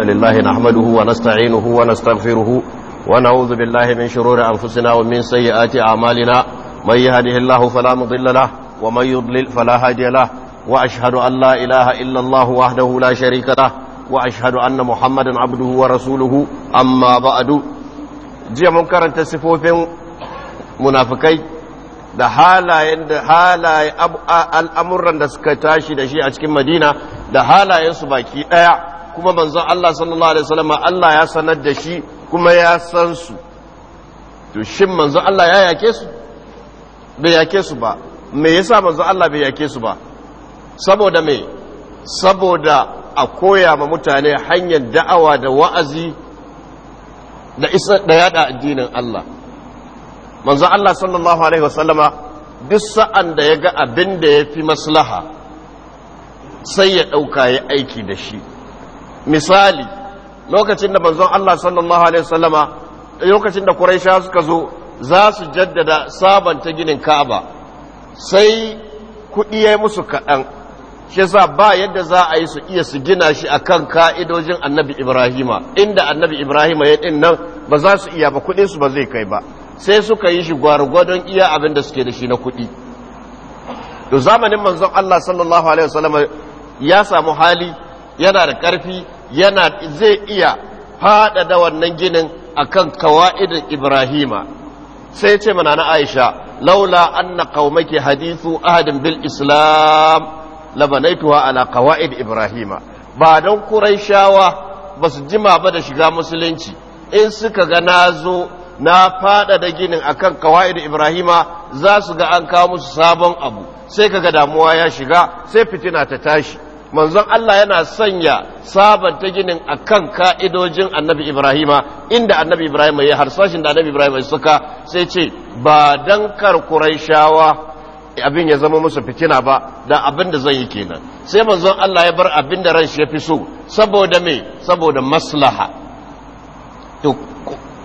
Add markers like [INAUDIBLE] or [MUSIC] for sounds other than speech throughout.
لله نحمده ونستعينه ونستغفره ونعوذ بالله من شرور أنفسنا ومن سيئات أعمالنا من يهده الله فلا مضل له ومن يضلل فلا هادي له وأشهد أن لا إله إلا الله وحده لا شريك له وأشهد أن محمدا عبده ورسوله أما بعد جي منكر تصفوفين منافقين da halayen da halaye al'amuran da suka tashi da shi a cikin madina da halayensu baki ɗaya kuma manzon Allah sallallahu alaihi wasallam Allah ya sanar da shi kuma ya san su to shin manzon Allah ya yake su bai yake su ba me yasa manzon Allah bai yake su ba saboda me saboda a koya ma mutane hanyar da'awa da wa'azi da isa da yada addinin Allah manzon Allah sallallahu alaihi wasallama duk sa'an da ya ga abin da ya fi maslaha sai ya ɗauka ya aiki da shi misali lokacin da banzon Allah sallallahu alaihi wasallama lokacin da Quraisha suka zo za su jaddada sabanta ginin Ka'aba sai kuɗi ya musu kaɗan shi yasa ba yadda za a yi su iya su gina shi a kan ka'idojin Annabi Ibrahima inda Annabi Ibrahima ya din nan ba za su iya ba kudin su ba zai kai ba sai suka yi shi gwargwadon iya abin da suke da shi na kuɗi to zamanin manzon Allah sallallahu alaihi wasallam ya samu hali yana da ƙarfi yana zai iya faɗaɗa wannan ginin akan kawa'idin ibrahima sai ce mana na aisha laula anna qaumaki hadithu ahadin bil islam labanaituha ala qawaid ibrahima ba don quraishawa ba su jima ba da shiga musulunci in suka ga na zo na fada ginin akan kawaida ibrahima za su ga an kawo musu sabon abu sai kaga damuwa ya shiga sai fitina ta tashi manzon Allah yana sanya sabanta ginin a kan ka'idojin annabi Ibrahima inda annabi Ibrahima ya harsashin da annabi Ibrahima suka sai ce ba don karkurai shawa abin ya zama musu fitina ba da abin da zai yi kenan sai manzon Allah ya bar abin da ranshi ya fi so saboda me saboda maslaha to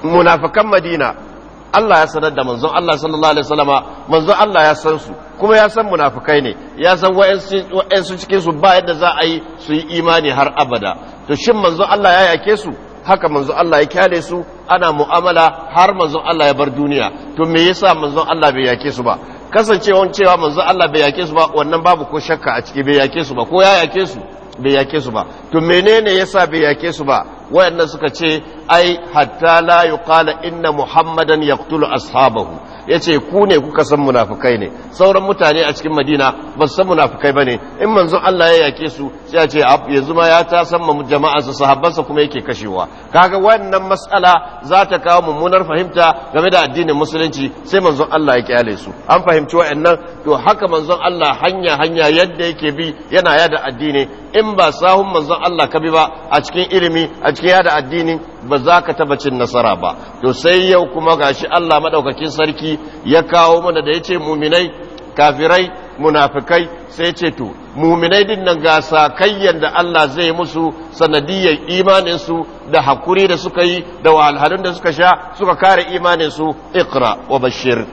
munafikan Madina Allah ya sanar da manzon Allah sallallahu alaihi wasallama manzon Allah ya san su kuma ya san munafikai ne ya san wa'ansu cikin su ba yadda za a yi su yi imani har abada to shin manzon Allah ya yake su haka manzon Allah ya kyale su ana mu'amala har manzon Allah ya bar duniya to me yasa manzon Allah bai yake su ba kasancewa cewa manzon Allah bai yake su ba wannan babu ko shakka a ciki bai yake su ba ko ya yake su bai yake su ba to menene yasa bai yake su ba wayannan suka ce ai hatta la yuqala inna muhammadan yaqtulu ashabahu yace ku ne kuka san munafikai ne sauran mutane a cikin madina ba san munafikai bane in manzon Allah ya yake su sai ya ce yanzu ma ya ta san jama'a sahabbansa kuma yake kashewa kaga wannan mas'ala za ta kawo mummunar fahimta game da addinin musulunci sai manzon Allah ya kyale su an fahimci wayannan to haka manzon Allah hanya hanya yadda yake bi yana yada addini in ba sahun manzon Allah ka bi ba a cikin ilimi a cikin yada addini ba za ka taba cin nasara ba to sai yau kuma gashi Allah madaukakin sarki ya kawo mana da yace muminai kafirai munafikai sai ce to muminai din nan ga sakayyan da Allah zai musu sanadiyar imanin su da hakuri da suka yi da wahalhalun da suka sha suka kare imanin su iqra wa bashir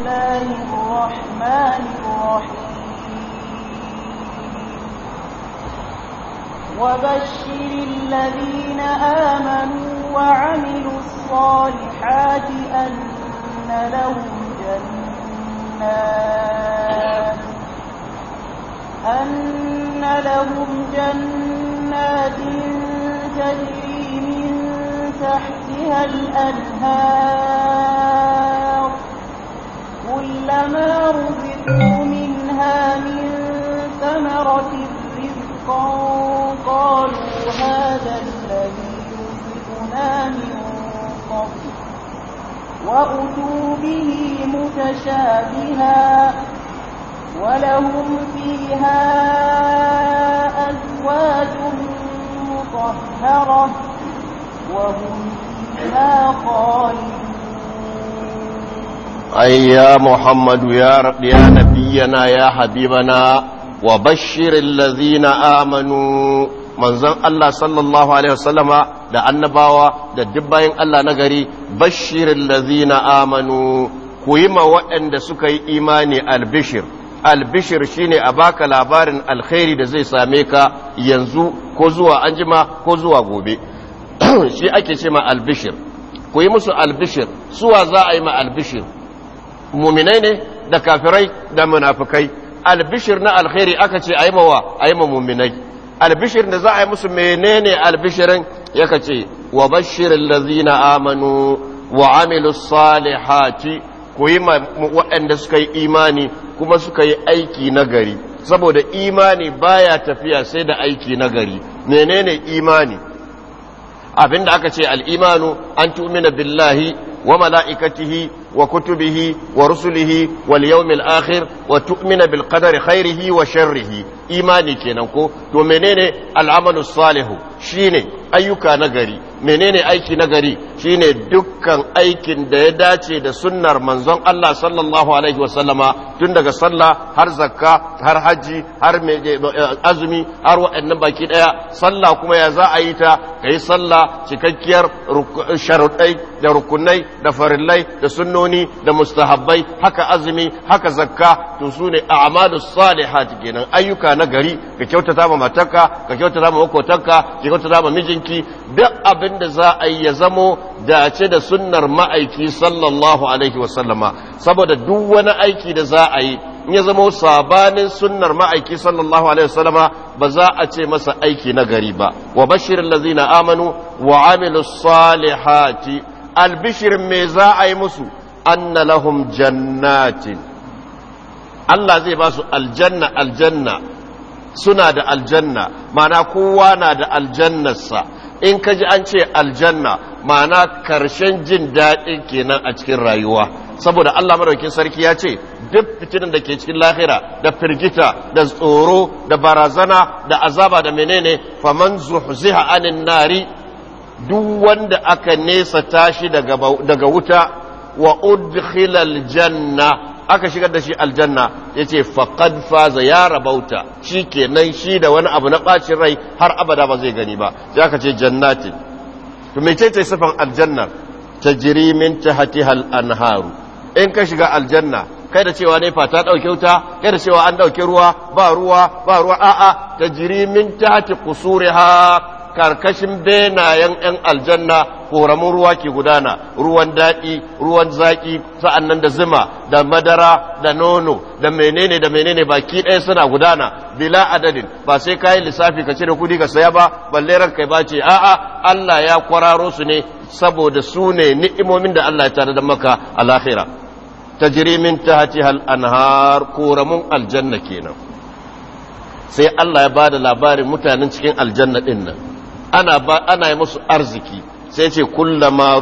الله الرحمن الرحيم وبشر الذين آمنوا وعملوا الصالحات أن لهم جنات أن لهم جنات تجري من تحتها الأنهار كلما رزقوا منها من ثمرة رزقا قالوا هذا الذي رزقنا من قبل وأتوا به متشابها ولهم فيها أزواج مطهرة وهم فيها خالدون أي يا محمد يا, رب يا نبينا يا حبيبنا وبشر الذين آمنوا manzon Allah sallallahu Alaihi wasallama da annabawa da duk bayan Allah na gari bashirin lazina amanu ku yi ma waɗanda suka yi imani albishir albishir shine a baka labarin alkhairi da zai same ka yanzu ko zuwa anjima ko zuwa gobe shi ake ce ma albishir kuyi musu albishir suwa za a yi ma albishir muminai ne da kafirai da munafukai albishir na alkhairi aka ce a mawa a ma muminai albishir da za a yi musu menene albishirin yaka ce wa bashirin lazina amanu wa amilu salihati ku yi waɗanda suka yi imani kuma suka yi aiki na gari saboda imani baya tafiya sai da aiki na gari menene imani abinda aka ce al'imanu an tumina billahi wa mala'ikatihi وكتبه ورسله واليوم الآخر وتؤمن بالقدر خيره وشره إيماني كننكو تو منين العمل الصالح شيني أيوكا نغري منين أيكي نغري شيني دكا أيكي ديداتي دا سنر منزون الله صلى الله عليه وسلم تندق صلى هر زكا هر حجي هر أزمي هر وأن باكي صلى كما يزا أيتا كي صلى شككير شرطي دا ركني دا فرلي دا سنو salloli da mustahabbai haka azumi haka zakka to su ne a'malus salihati kenan ayyuka na gari ka kyautata ma matarka ka kyautata ma makotanka ka kyautata ma mijinki duk abin da za a yi ya zamo dace da sunnar ma'aiki sallallahu alaihi sallama saboda duk wani aiki da za a yi in ya zamo sabanin sunnar ma'aiki sallallahu alaihi sallama ba za a ce masa aiki na gari ba wa bashirin lazina amanu wa amilus salihati albishirin me za a yi musu anna lahum jannatin Allah zai ba su aljanna aljanna suna da aljanna mana kowa na da aljannarsa in ka ji an ce aljanna mana karshen jin daɗi kenan a cikin rayuwa saboda Allah madaukin sarki ya ce duk fitinin da ke cikin lahira da firgita da tsoro da barazana da azaba da menene faman zuhziha anin nari duk wanda aka nesa tashi daga wuta wa udkhilal janna aka shigar da shi aljanna yace ce faza ya rabauta shi kenan shi da wani abu na bacin rai har abada ba zai gani ba sai aka ce jannatin to me ce sifan aljanna ta min tahtiha hatihal in ka shiga aljanna kai da cewa fa ta ɗauke wuta kai da cewa an ɗauke ruwa ba ruwa ba ruwa a'a ta jirimin min ta hati kusuriha karkashin benayen 'yan aljanna koramun ruwa ke gudana ruwan daɗi ruwan zaƙi sa'annan da zuma da madara da nono da menene da menene baki ɗaya suna gudana bila adadin ba sai kayi lissafi ka cire kudi ka saya ba balle ranka ba ce a'a Allah ya kwararo su ne saboda su ne ni'imomin da Allah ya tare da maka a lahira tajri min tahtiha hal anhar aljanna kenan sai Allah ya ba da labarin mutanen cikin aljanna ɗin nan ana ba yi musu arziki sai ce kulla ma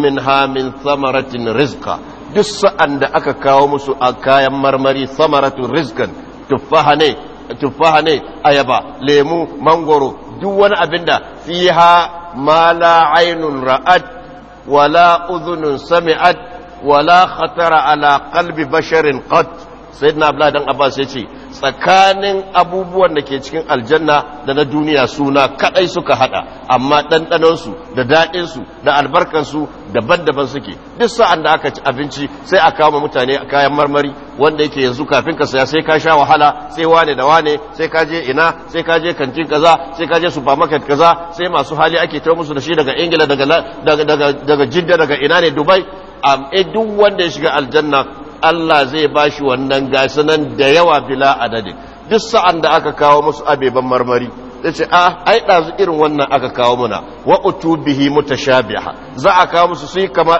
minha min samaratin rizqa duk sa'an da aka kawo musu a kayan marmari samaratin rizqan tuffaha ne ayaba lemu mangoro duk wani abinda fiha ma la aynun ra'at wala uzunin sami'at wala khatara ala kalbi basharin qat sai na bla dan abbas ya ce tsakanin abubuwan da ke cikin aljanna da na duniya suna kadai suka hada amma ɗanɗanonsu da daɗinsu da albarkansu daban-daban suke duk sa'an da aka ci abinci sai a kama mutane a kayan marmari wanda yake yanzu kafin ka saya sai ka sha wahala sai wane da wane sai ka je ina sai ka je kantin kaza sai ka je supermarket kaza sai masu hali ake tura musu da shi daga ingila daga jidda daga ina ne dubai a eh, duk wanda ya shiga aljanna Allah zai bashi wannan gasunan da yawa bila adadi duk sa'an da aka kawo musu abeban marmari ya ce a ah, ai ɗazu irin wannan aka kawo muna wa utu bihi mutashabiha za a kawo musu su yi kama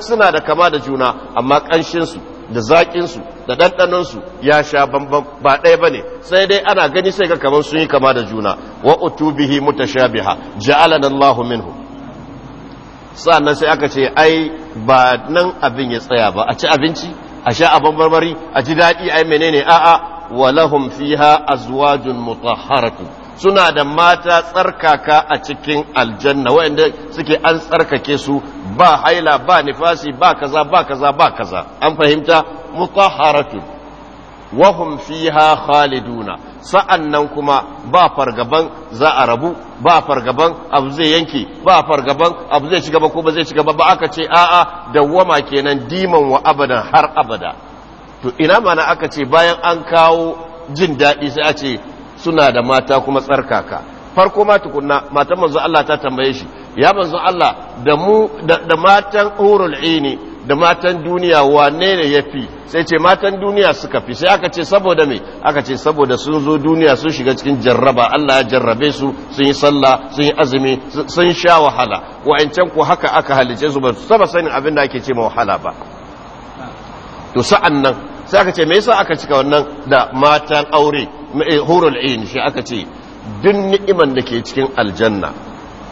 suna da kama da juna amma ƙanshinsu da zaƙinsu da ɗanɗanonsu ya sha bambam ba ɗaya ba ne sai dai ana gani sai ga kamar sun yi kama da juna wa utu bihi mutashabiha ja'ala Allahu minhu Sannan sai aka ce ai ba nan abin ya tsaya ba a ci abinci a sha abin barbari a ji daɗi ai menene a'a walahum fiha azwajun mutahharatu suna da mata tsarkaka a cikin aljanna waɗanda suke an tsarkake su ba haila ba nifasi ba kaza ba kaza ba kaza an fahimta mutahharatu wahum fiha khaliduna sa'annan kuma ba fargaban za a rabu ba fargaban abu zai yanke ba fargaban abu zai ci gaba ko ba zai ci gaba ba aka ce a'a dawwama kenan diman wa abadan har abada to ina mana aka ce bayan an kawo jin daɗi sai a ce suna da mata kuma tsarkaka farko ma tukunna matan manzo Allah ta tambaye shi ya manzo Allah da mu da matan urul ini da matan duniya wane ne ya fi sai ce matan duniya suka fi sai aka ce saboda me aka ce saboda sun zo duniya sun shiga cikin jarraba Allah ya jarrabe su sun yi sallah sun yi azumi sun sha wahala wa'ancan ku haka aka halice su ba su saba sanin abin da ake ce ma wahala ba to sa'an nan sai aka ce me yasa aka cika wannan da matan aure eh, hurul ain shi aka ce duk ni'iman da ke cikin aljanna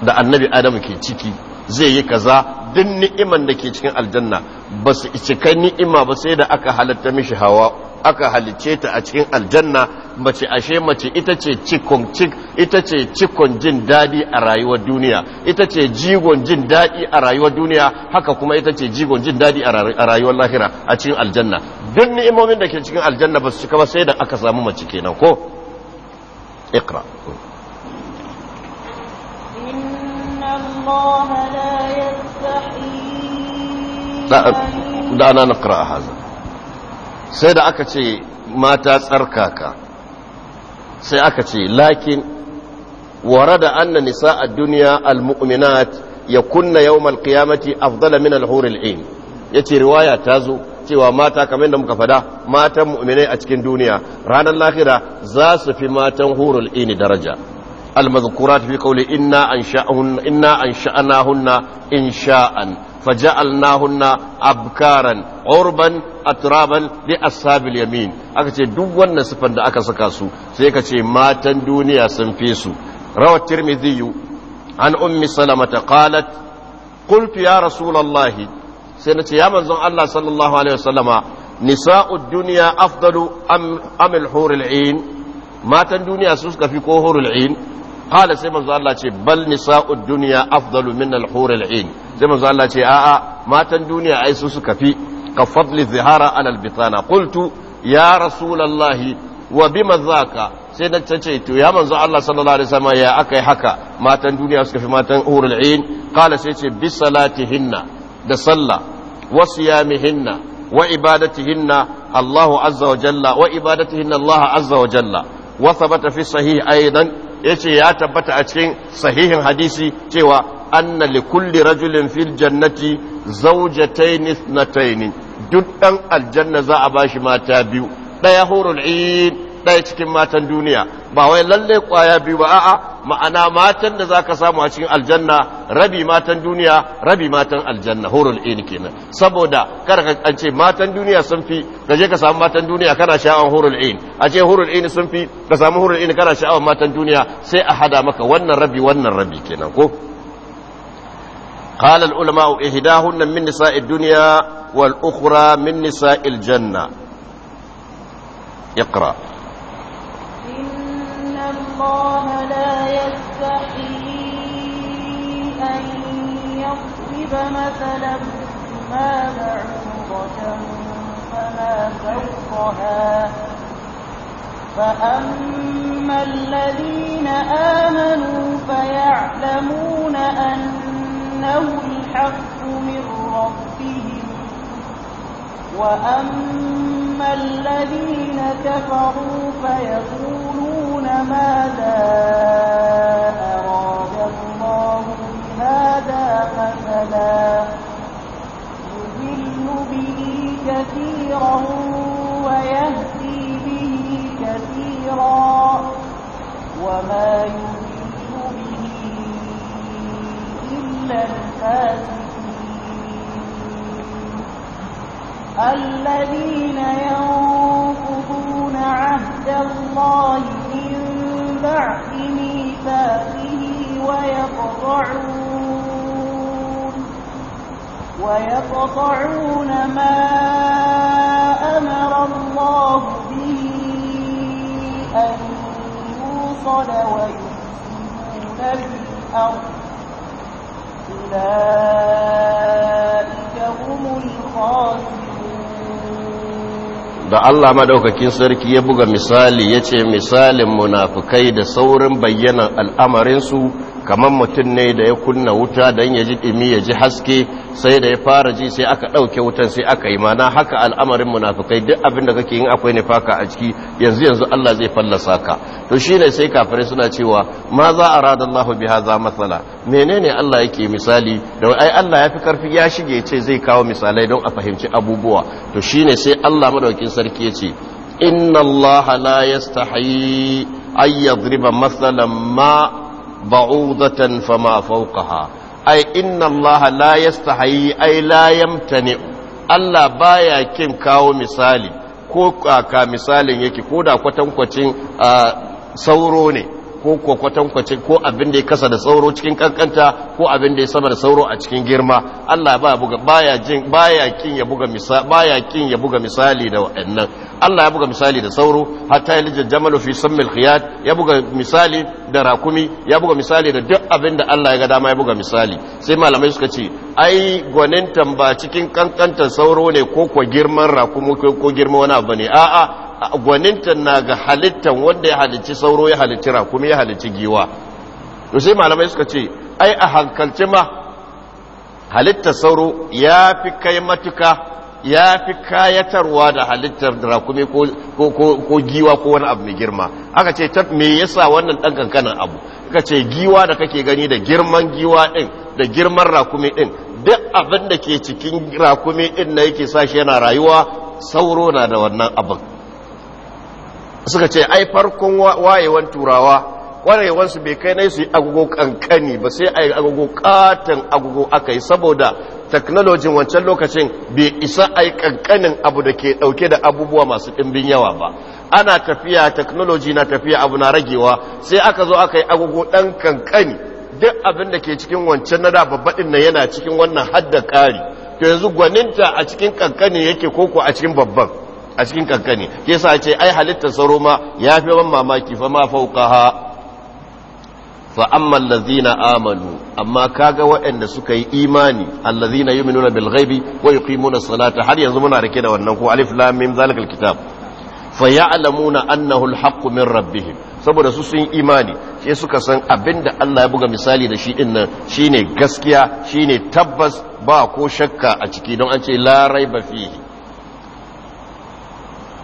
da annabi adamu ke ciki zai yi kaza duk ni'iman da ke cikin aljanna ba su cika ni'ima ba sai da aka halatta mishi hawa aka halice ta a cikin aljanna mace ashe mace ita ce cikon cik ita ce cikon jin dadi a rayuwar duniya ita ce jigon jin dadi a rayuwar duniya haka kuma ita ce jigon jin dadi a rayuwar lahira a cikin aljanna duk ni'imomin da ke cikin aljanna ba su cika ba sai da aka samu mace kenan ko iqra إن الله haza sai da aka ce mata tsarkaka sai aka ce lakin ware da anna nisa a duniya al-mu'minat ya kunna yau qiyamati afdala min al-huril ain yace riwaya ta zo cewa mata kamar da muka fada matan mu'minai a cikin duniya ranar lahira za su fi matan hurul ain daraja المذكورات في قوله إنا أنشأهن إنا أنشأناهن إنشاء فجعلناهن أبكارا عربا أترابا لأصحاب اليمين أكتي دوان نسفن أكا سكاسو سيكتي ما تندوني سنفيسو روى الترمذي عن أم سلمة قالت قلت يا رسول الله سنتي يا منزل الله صلى الله عليه وسلم نساء الدنيا أفضل أم, أم الحور العين matan duniya su suka fi ko horul ain qala sai manzo Allah ce bal nisa'ud dunya afdalu min al-hur al-ain sai manzo Allah ce a'a matan duniya ai su suka fi ka fadli zihara ala al-bitana qultu ya rasulullahi wa bima zaka sai na ce to ya manzo Allah sallallahu alaihi wasallam ya akai haka matan duniya suka fi matan hurul ain qala sai ce bi salatihinna da sallah wa siyamihinna wa ibadatihinna Allah azza wa jalla wa ibadatihinna Allah azza wa jalla wa thabata fi sahih aidan ya ce ya tabbata a cikin sahihin hadisi cewa anna li kulli rajulin fil jannati zawjatayn ithnatayn duk ɗan aljanna za a ba shi mata biyu ɗaya hurul ɗaya cikin matan duniya ba wai lalle kwaya biyu ba a'a ma'ana matan da zaka samu a cikin aljanna rabi matan duniya rabi matan aljanna hurul in kenan saboda karka an ce matan duniya sun fi ka je ka samu matan duniya kana sha'awan hurul in a ce hurul in sun fi ka samu hurul in kana sha'awan matan duniya sai a hada maka wannan rabi wannan rabi kenan ko قال العلماء إهداهن من نساء الدنيا والأخرى من نساء الجنة اقرأ الله لا يستحي أن يضرب مثلا ما بعوضة فما فوقها فأما الذين آمنوا فيعلمون أنه الحق من ربهم وأما الذين كفروا فيقولون ماذا أراد الله بهذا به كثيرا ويهدي به كثيرا وما به إلا الفاسقين الذين ينقضون عهد الله بعد ميثاقه ويقطعون ويقطعون ما أمر الله به أن يوصل ويفسدون في الأرض أولئك هم الخاسرون da Allah madaukakin sarki ya buga misali ya ce misalin munafukai da saurin bayyanan al'amarinsu kamar mutum ne da ya kunna wuta don ya ji ɗimi ya ji haske sai da ya fara ji sai aka ɗauke wutan sai aka yi mana haka al'amarin munafukai duk abin da kake yin akwai nifaka a ciki yanzu yanzu Allah zai fallasa ka to shi ne sai kafirai suna cewa ma za a rada Allah bi haza matsala menene Allah yake misali da ai Allah ya fi karfi ya shige ce zai kawo misalai don a fahimci abubuwa to shi ne sai Allah madaukin sarki ya ce inna Allah la yastahi ay yadriba ma ba'udatan fama fawqaha ai inna allaha la yastahi ai la yamtani Allah baya kin kawo misali ko ka misalin yake ko da kwatankwacin sauro ne ko kwatankwacin ko abin da ya kasa da sauro cikin kankanta ko abin da ya sama da sauro a cikin girma Allah ba buga baya ya buga misali baya kin ya buga misali da wa'annan Allah ya buga misali da sauro hatta yalijal jamalu fi sammil khiyat ya buga misali da rakumi ya buga misali da duk abin da Allah ya ga dama ya buga misali sai malamai suka ce ai gwanin tamba cikin kankantar sauro ne ko kwa girman rakumi ko girman wani abu ne a'a gwaninta na ga halittan wanda ya halicci sauro ya halicci rakumi ya halicci giwa to sai malamai suka ce ai a hankalci ma halittar sauro ya fi kai matuka ya fi kayatarwa da halittar rakumi ko giwa ko wani abu mai girma aka ce ta me yasa wannan ɗan kankanin abu aka ce giwa da kake gani da girman giwa din da girman rakumi ɗin duk abin da ke cikin rakumi ɗin na yake sashi yana rayuwa sauro na da wannan abin suka ce ai farkon wayewan turawa kwarewansu bai kai na su yi agogo kankani ba sai ai agogo katon agogo aka yi saboda teknolojin wancan lokacin bai isa ai kankanin abu da ke dauke da abubuwa masu ɗimbin yawa ba ana tafiya teknoloji na tafiya abu na ragewa sai aka zo aka yi agogo ɗan kankani duk abin da ke cikin wancan na da babbaɗin na yana cikin wannan hadda ƙari to yanzu gwaninta a cikin kankani yake koko a cikin babban a cikin kankani ke sa ce ai halitta sauro ma ya fi ban mamaki fa ma fauka ha fa amma allazina amanu amma kaga waɗanda suka yi imani allazina yu'minuna bil ghaibi wa yuqimuna salata har yanzu muna rike da wannan ko alif lam zalikal kitab fa alamuna annahu al min rabbihim saboda su sun imani sai suka san abinda Allah ya buga misali da shi din nan shine gaskiya shine tabbas ba ko shakka a ciki don an ce la raiba fihi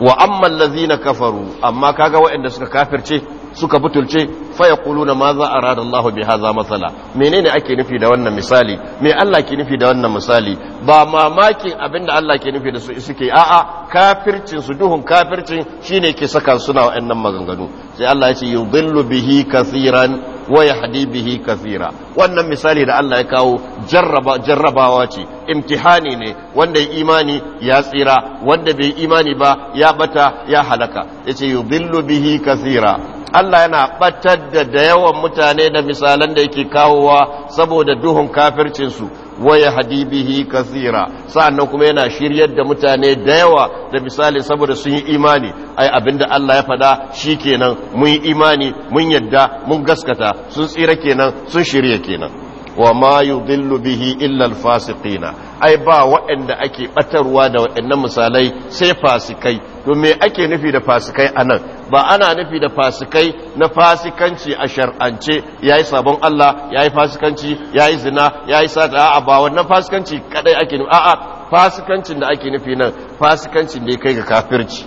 wa amman lazina kafaru amma kaga waɗanda suka kafirce suka butulce faya kuluna ma za arada Allah bi haza masala menene ake nufi da wannan misali me Allah ke nufi da wannan misali ba mamakin abinda Allah ke nufi da su suke a'a kafircin su duhun kafircin shine ke saka suna waɗannan maganganu sai Allah ya ce yudhillu bihi kasiran. wa hadi bihi kathira wannan misali da Allah ya kawo jarraba jarrabawa ce imtihani ne wanda ya imani ya tsira wanda bai imani ba ya bata ya halaka yace yudillu bihi kathira Allah yana batar da da yawan mutane da misalan da yake kawowa saboda duhun kafircinsu waya hadibihi kasira sa'annan kuma yana shiryar da mutane da yawa da misali saboda sun yi imani ai abinda Allah ya fada shi kenan mun yi imani mun yadda mun gaskata sun tsira kenan sun shirye kenan wa ma dillu bihi illal fasikina ai ba waɗanda ake batarwa da waɗannan misalai sai fasikai to me ake nufi da fasikai nan ba ana nufi da fasikai na fasikanci a shar'ance yi sabon Allah ya yi fasikanci ya yi zina yayi sata a'a ba wannan fasikanci kadai ake nufi a'a fasikancin da ake nufi nan fasikancin da ya kai ga kafirci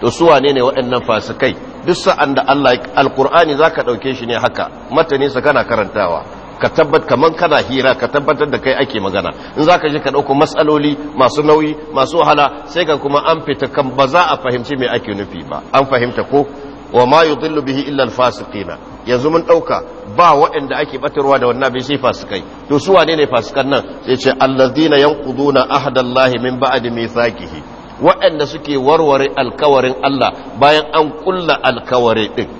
to su wane ne waɗannan fasikai duk sa'an da Allah alkur'ani za ka ɗauke shi ne haka matanisa kana karantawa ka tabbat kaman kana hira ka tabbatar da kai ake magana in za ka je ka ɗauko matsaloli masu nauyi masu wahala sai ka kuma an fita kan ba za a fahimci me ake nufi ba an fahimta ko wa ma yudillu bihi illa al-fasiqina yanzu mun ɗauka ba waɗanda ake batarwa da wannan bai sai fasikai to su wane ne fasikan nan sai ce allazina yanquduna ahdallahi min ba'di mithaqihi waɗanda suke warware alkawarin Allah bayan an kulla alkawari din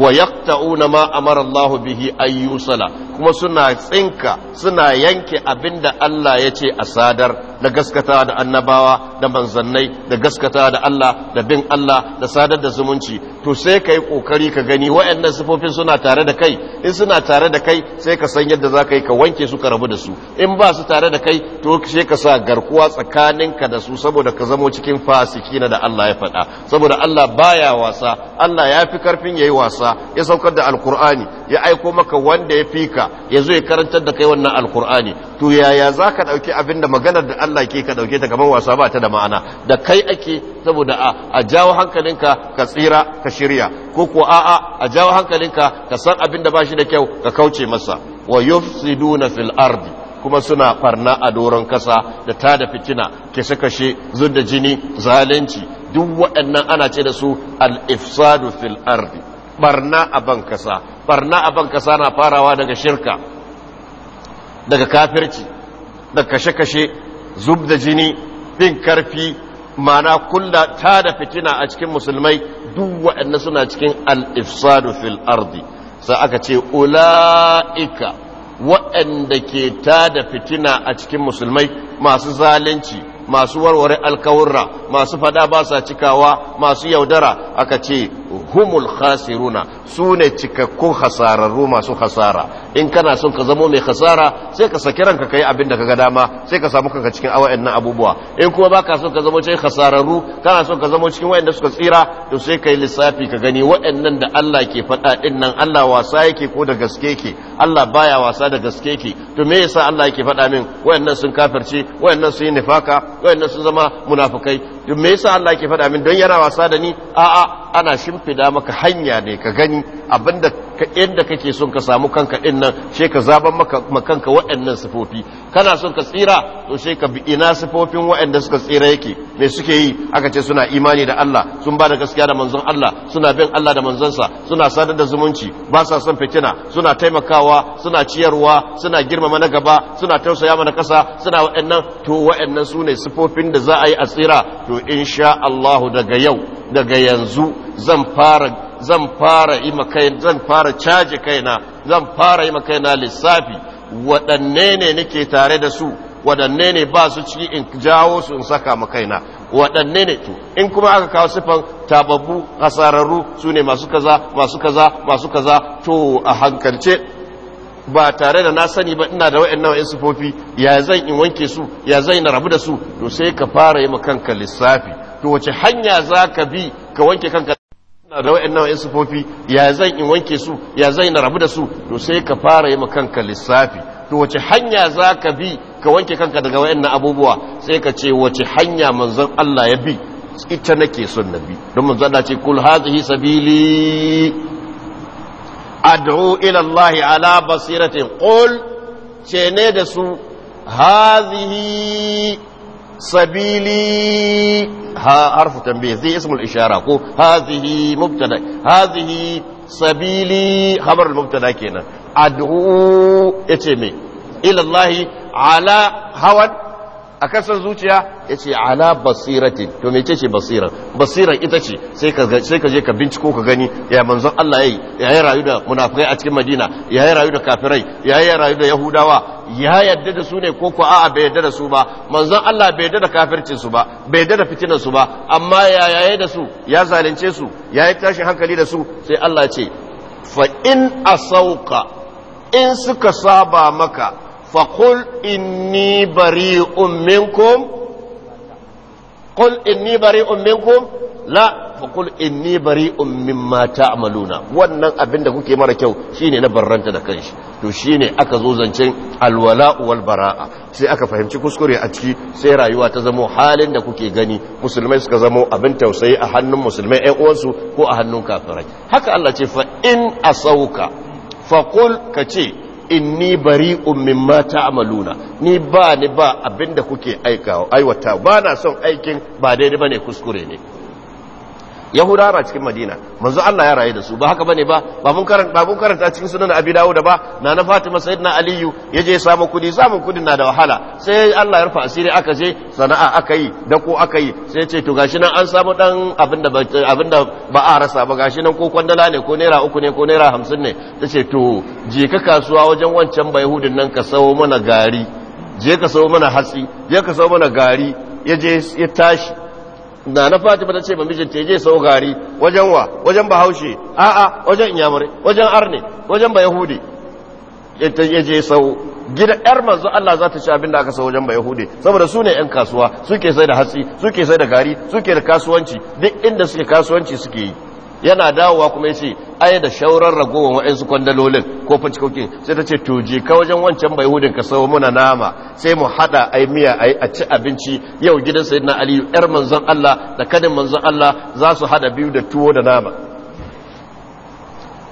wa yaqta'una ma amara Allah bihi ayyusala kuma suna tsinka suna yanke abinda Allah ya ce a sadar da gaskata da annabawa da manzannai da gaskata da Allah da bin Allah da sadar da zumunci to sai ka yi ƙoƙari ka gani waɗannan sifofin suna tare da kai in suna tare da kai sai ka san yadda za ka yi ka wanke su ka rabu da su in ba su tare da kai to sai ka sa garkuwa tsakaninka da su saboda ka zamo cikin fasiki na da Allah ya faɗa saboda Allah baya wasa Allah ya fi karfin yi wasa ya saukar da alkur'ani ya aiko maka wanda ya fika ya zo ya karantar da kai wannan alkur'ani to yaya za ka ɗauki abin da maganar da Allah ke ka dauke ta gaban wasa ba ta da ma'ana da kai ake saboda a a jawo hankalinka ka tsira ka shirya ko ko a a a jawo hankalinka ka san abin da bashi da kyau ka kauce masa wa yufsiduna fil ardi kuma suna farna a doron kasa da ta da fitina ke suka she zudda jini zalunci duk waɗannan ana ce da su al-ifsadu fil ardi barna a ban kasa barna a ban kasa na farawa daga shirka daga kafirci da kashe-kashe zub da jini bin karfi mana kulla ta da fitina a cikin musulmai duk waɗanda suna cikin al fil ardi sai aka ce ula'ika waɗanda ke ta da fitina a cikin musulmai masu zalunci masu warware alkawurra masu fada ba sa cikawa masu yaudara aka ce humul khasiruna su ne cikakkun hasararru masu hasara in kana son ka zamo mai khasara sai ka saki ranka kai abin da ka ga dama sai ka samu kanka cikin awa'in na abubuwa in kuma baka son ka zamo cikin khasararru kana son ka zamo cikin da suka tsira to sai kai lissafi ka gani wayannan da Allah ke faɗa din nan Allah wasa yake ko da gaske ke Allah baya wasa da gaske ke to me yasa Allah yake faɗa min wayannan sun kafirce wayannan sun yi nifaka wayannan sun zama munafikai don me yasa Allah ke faɗa min don yana wasa da ni a'a ana shimfida maka hanya ne ka gani abinda ka inda kake son ka samu kanka din nan she ka zaban maka makanka waɗannan sifofi kana son ka tsira to she ka bi ina sifofin waɗanda suka tsira yake me suke yi aka ce suna imani da Allah sun ba da gaskiya da manzon Allah suna bin Allah da sa suna sadar da zumunci ba sa son fitina suna taimakawa suna ciyarwa suna girmama na gaba suna tausaya mana kasa suna waɗannan to waɗannan su sifofin da za a yi a tsira to in insha Allah daga yau daga yanzu zan fara zan fara yi zan fara caji kaina zan fara yi na lissafi waɗanne ne nake tare da su waɗanne ne ba su ciki in jawo su in saka makaina waɗanne ne to in kuma aka kawo sifan tababbu hasararru sune masu kaza masu kaza masu kaza to a hankalce ba tare da na sani ba ina da wa'annan wa'in sufofi ya zan in wanke su ya zan na rabu da su to sai ka fara yi kanka lissafi to wace hanya za ka bi ka wanke kanka ina da wa'annan wa'in sufofi ya zan in wanke su ya zan na rabu da su to sai ka fara yi kanka lissafi to wace hanya za ka bi ka wanke kanka daga wa'annan abubuwa sai ka ce wace hanya manzon Allah ya bi ita nake son na bi don manzon Allah ce kul hadhihi sabili ad'u ila Allah ala basiratin qul ce ne da su hazihi sabili ha harfu tambaye zai ismul ishara ko hazihi mubtada hazihi sabili khabar mubtada kenan ad'u yace me ila Allah ala hawan a kasar zuciya ya ce ala basirati to mai ce basirar basirar ita ce sai ka je ka binciko ka gani ya manzon Allah yi ya yi rayu da munafikai a cikin madina ya yi rayu da kafirai ya yi rayu da yahudawa ya yadda da su ne ko ko a'a bai yadda da su ba manzon Allah bai yadda da kafircin ba bai yadda da fitinan su ba amma ya yaye da su ya zalunce su ya yi tashin hankali da su sai Allah ce fa in asauka in suka saba maka فقل إني بريء منكم قل إني بريء منكم لا فقل إني بريء مما تعملون wannan abin da kuke mara kyau shine na barranta da kanshi to shine aka zo zancen alwala'u wal bara'a sai aka fahimci kuskure a ciki sai rayuwa ta zamo halin da kuke gani musulmai suka zamo abin tausayi a hannun musulmai ƴan uwansu ko a hannun kafirai haka Allah ce fa in asauka faqul kace inni bari ma ta amaluna ni ba ni ba abinda kuke aikawa aiwata ba na son aikin ba daidai bane kuskure ne yahudawa a cikin madina manzo Allah ya raye da su ba haka bane ba ba mun karanta ba mun karanta cikin sunan abi dawud ba na na fatima sayyidina aliyu yaje ya samu kudi samun kudin na da wahala sai Allah ya rufa asiri aka je sana'a aka yi da ko aka yi sai ce to gashi nan an samu dan abinda ba abinda ba a rasa ba gashi nan ko kwandala ne ko naira uku ne ko naira hamsin ne tace to je ka kasuwa wajen wancan bayhudin nan ka sawo mana gari je ka sawo mana hatsi je ka sawo mana gari yaje ya tashi na na fatima ta ce ba mijinta je sau gari wajen wa wajen bahaushe a'a wajen inyamurai wajen arne wajen ba yahudi ita ya je sau gida yar manzo Allah za ta ci abin da aka sau wajen ba yahudi saboda su ne yan kasuwa suke sai da hatsi suke sai da gari suke da kasuwanci duk inda suke kasuwanci suke yi yana dawowa kuma ya ce ai da shauran ragowar wa'insu kwandalolin ko fincikokin sai ta ce to ka wajen wancan bai hudun ka sau muna nama sai mu hada ai miya ai a ci abinci yau gidan na ali yar manzan Allah da kanin manzan Allah za su hada biyu da tuwo da nama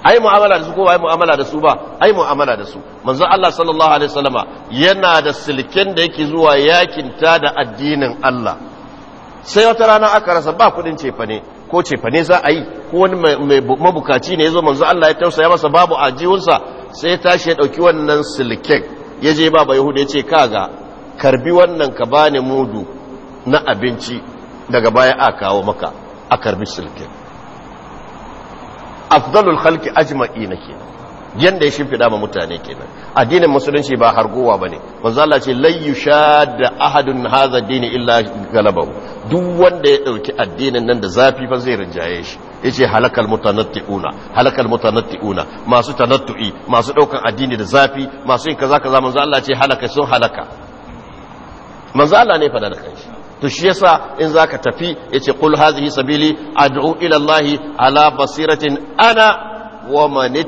ai mu'amala da su ko ai mu'amala da su ba ai mu'amala da su manzon Allah sallallahu alaihi wasallama yana da silken da yake zuwa yakin ta da addinin Allah sai wata rana aka rasa ba kudin cefa ne ko cefa ne za a yi ko wani mabukaci ne ya zo manzo Allah ya tausaya masa babu ajiyunsa sai ya tashi ya ɗauki wannan silken ya je bai yahuda ya ce kaga karbi wannan ka bani mudu na abinci daga baya a kawo maka a karbi silken afdalul halki ajma'i na kenan yanda ya shimfida ma mutane kenan addinin musulunci ba hargowa ba ne. Allah ce la yushadda ahadun hadha dini illa galabahu duk wanda ya ɗauki addinin nan da zafi fa zai rinjaye shi yace halakal mutanatti'una halakal una. masu tanattu'i masu ɗaukan addini da zafi masu yin kaza kaza manzo ce halaka sun halaka manzo ne fa da kanshi to shi yasa in zaka tafi yace qul hadhihi sabili ad'u ila Allah ala basiratin ana wa ne,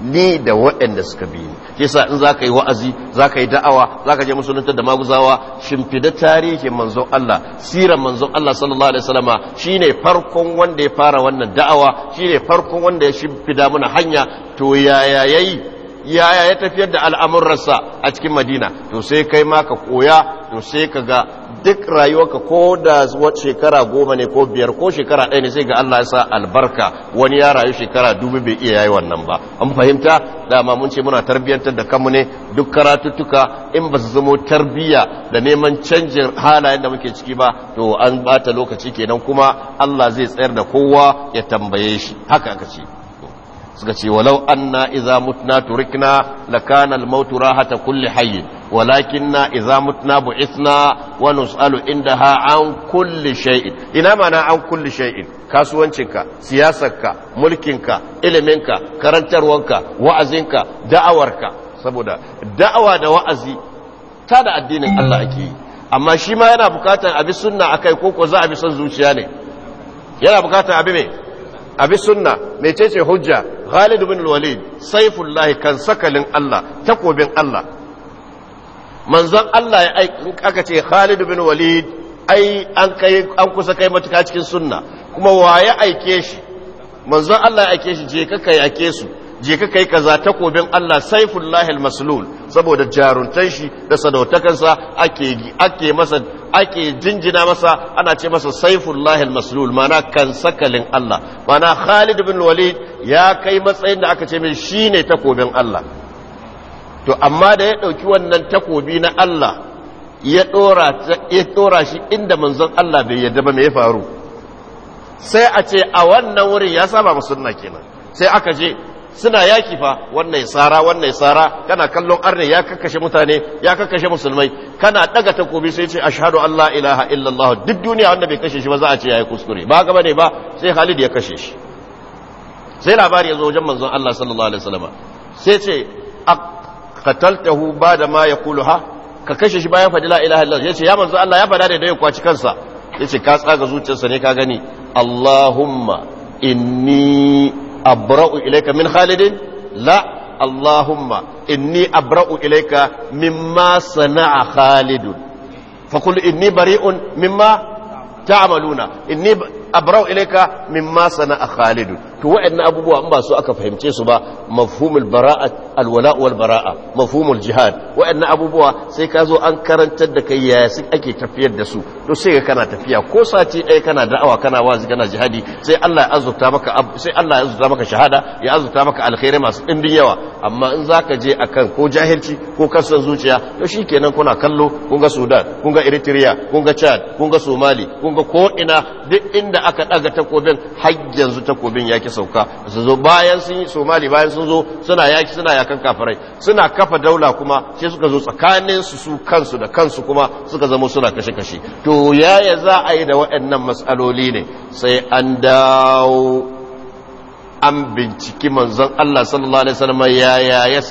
ni da waɗanda suka bi ni kisa in ka yi wa'azi za ka yi da'awa za ka je musulunta da maguzawa shimfida tarihin manzon Allah sirar manzon Allah sallallahu alaihi wasallama shine farkon wanda ya fara wannan da'awa shine farkon wanda ya shimfida mana hanya to yaya yayi yaya ya tafiyar da al'amuransa a cikin Madina to sai kai ma ka koya to sai ka ga duk rayuwarka ko da shekara goma ne ko biyar ko shekara ɗaya ne sai ga Allah ya sa albarka wani ya rayu shekara dubu bai iya yayi wannan ba an fahimta dama mun ce muna tarbiyyantar da kanmu ne duk karatuttuka in ba su zamo tarbiyya da neman canjin halayen da muke ciki ba to an bata lokaci kenan kuma Allah zai tsayar da kowa ya tambaye shi haka aka ce suka ce walau anna iza mutna turikna lakana kanal mautu rahata kulli hayy walakinna idza mutna bu'ithna wa nus'alu indaha an kulli shay'in ina mana an kulli shay'in kasuwancinka siyasarka mulkinka iliminka karantarwanka wa'azinka da'awarka saboda da'awa da wa'azi ta da addinin Allah ake yi amma shi ma yana bukatar abi sunna akai ko ko za a bi son zuciya ne yana bukatar abi mai abi sunna mecece hujja Khalid bin Walid saifullahi kan sakalin Allah takobin Allah manzon Allah ya aka ce Khalid bin Walid ai an kai an kusa kai matuka cikin sunna kuma waye aike shi manzon Allah ya aike shi je ka kai ake su je ka kai kaza takobin Allah saifullahi al-maslul saboda jaruntan shi da sa ake ake masa ake jinjina masa ana ce masa saifullahi al-maslul mana kan sakalin Allah mana Khalid bin Walid ya kai matsayin da aka ce mai shine takobin Allah to amma da ya ɗauki wannan takobi na Allah ya dora shi inda manzon Allah bai yarda ba mai ya faru sai a ce a wannan wurin ya saba musunna kenan sai aka je suna yaki fa wannan tsara wannan tsara kana kallon arne ya kakkashe mutane ya kakkashe musulmai kana daga takobi sai ce ashhadu an la ilaha illallah duk duniya wanda bai kashe shi ba za a ce yayi kuskure ba gaba ne ba sai Khalid ya kashe shi sai labari ya zo wajen manzon Allah sallallahu alaihi wasallam sai ce qataltahu bada ma yaquluha ka kashe shi bayan fadi la ilaha illallah yace ya manzon Allah ya fada da kwaci kansa yace ka tsaga zuciyarsa ne ka gani Allahumma inni abra'u ilaika min khalidin la allahumma inni abra'u ilaika mimma sana'a khalidun fa qul inni bari'un mimma ta'maluna inni abrau ilaika mimma sana'a khalid to wa'annan abubuwa in ba su aka fahimce su ba mafhumul bara'a alwala wal bara'a mafhumul jihad wa'annan abubuwa sai ka zo an karantar da kai ya su ake tafiyar da su to sai ka kana tafiya ko sati ɗaya kana da'awa kana wazi kana jihadi sai Allah ya azurta maka sai Allah ya azurta maka shahada ya azurta maka alkhairi masu ɗimbin yawa amma in zaka je akan ko jahilci ko kasan zuciya to shikenan kuna kallo kun ga Sudan kun ga Eritrea kun ga Chad kun ga Somali kun ga ko ina duk inda da aka ɗaga takobin har yanzu takobin yaki sauka su zo bayan sun yi somali bayan sun zo suna yaki suna yakan kafirai suna kafa daula kuma sai suka zo tsakanin su su kansu da kansu kuma suka zama suna kashe kashe to yaya za a yi da waɗannan matsaloli ne sai an dawo an binciki manzon Allah sallallahu alaihi wasallam yaya ya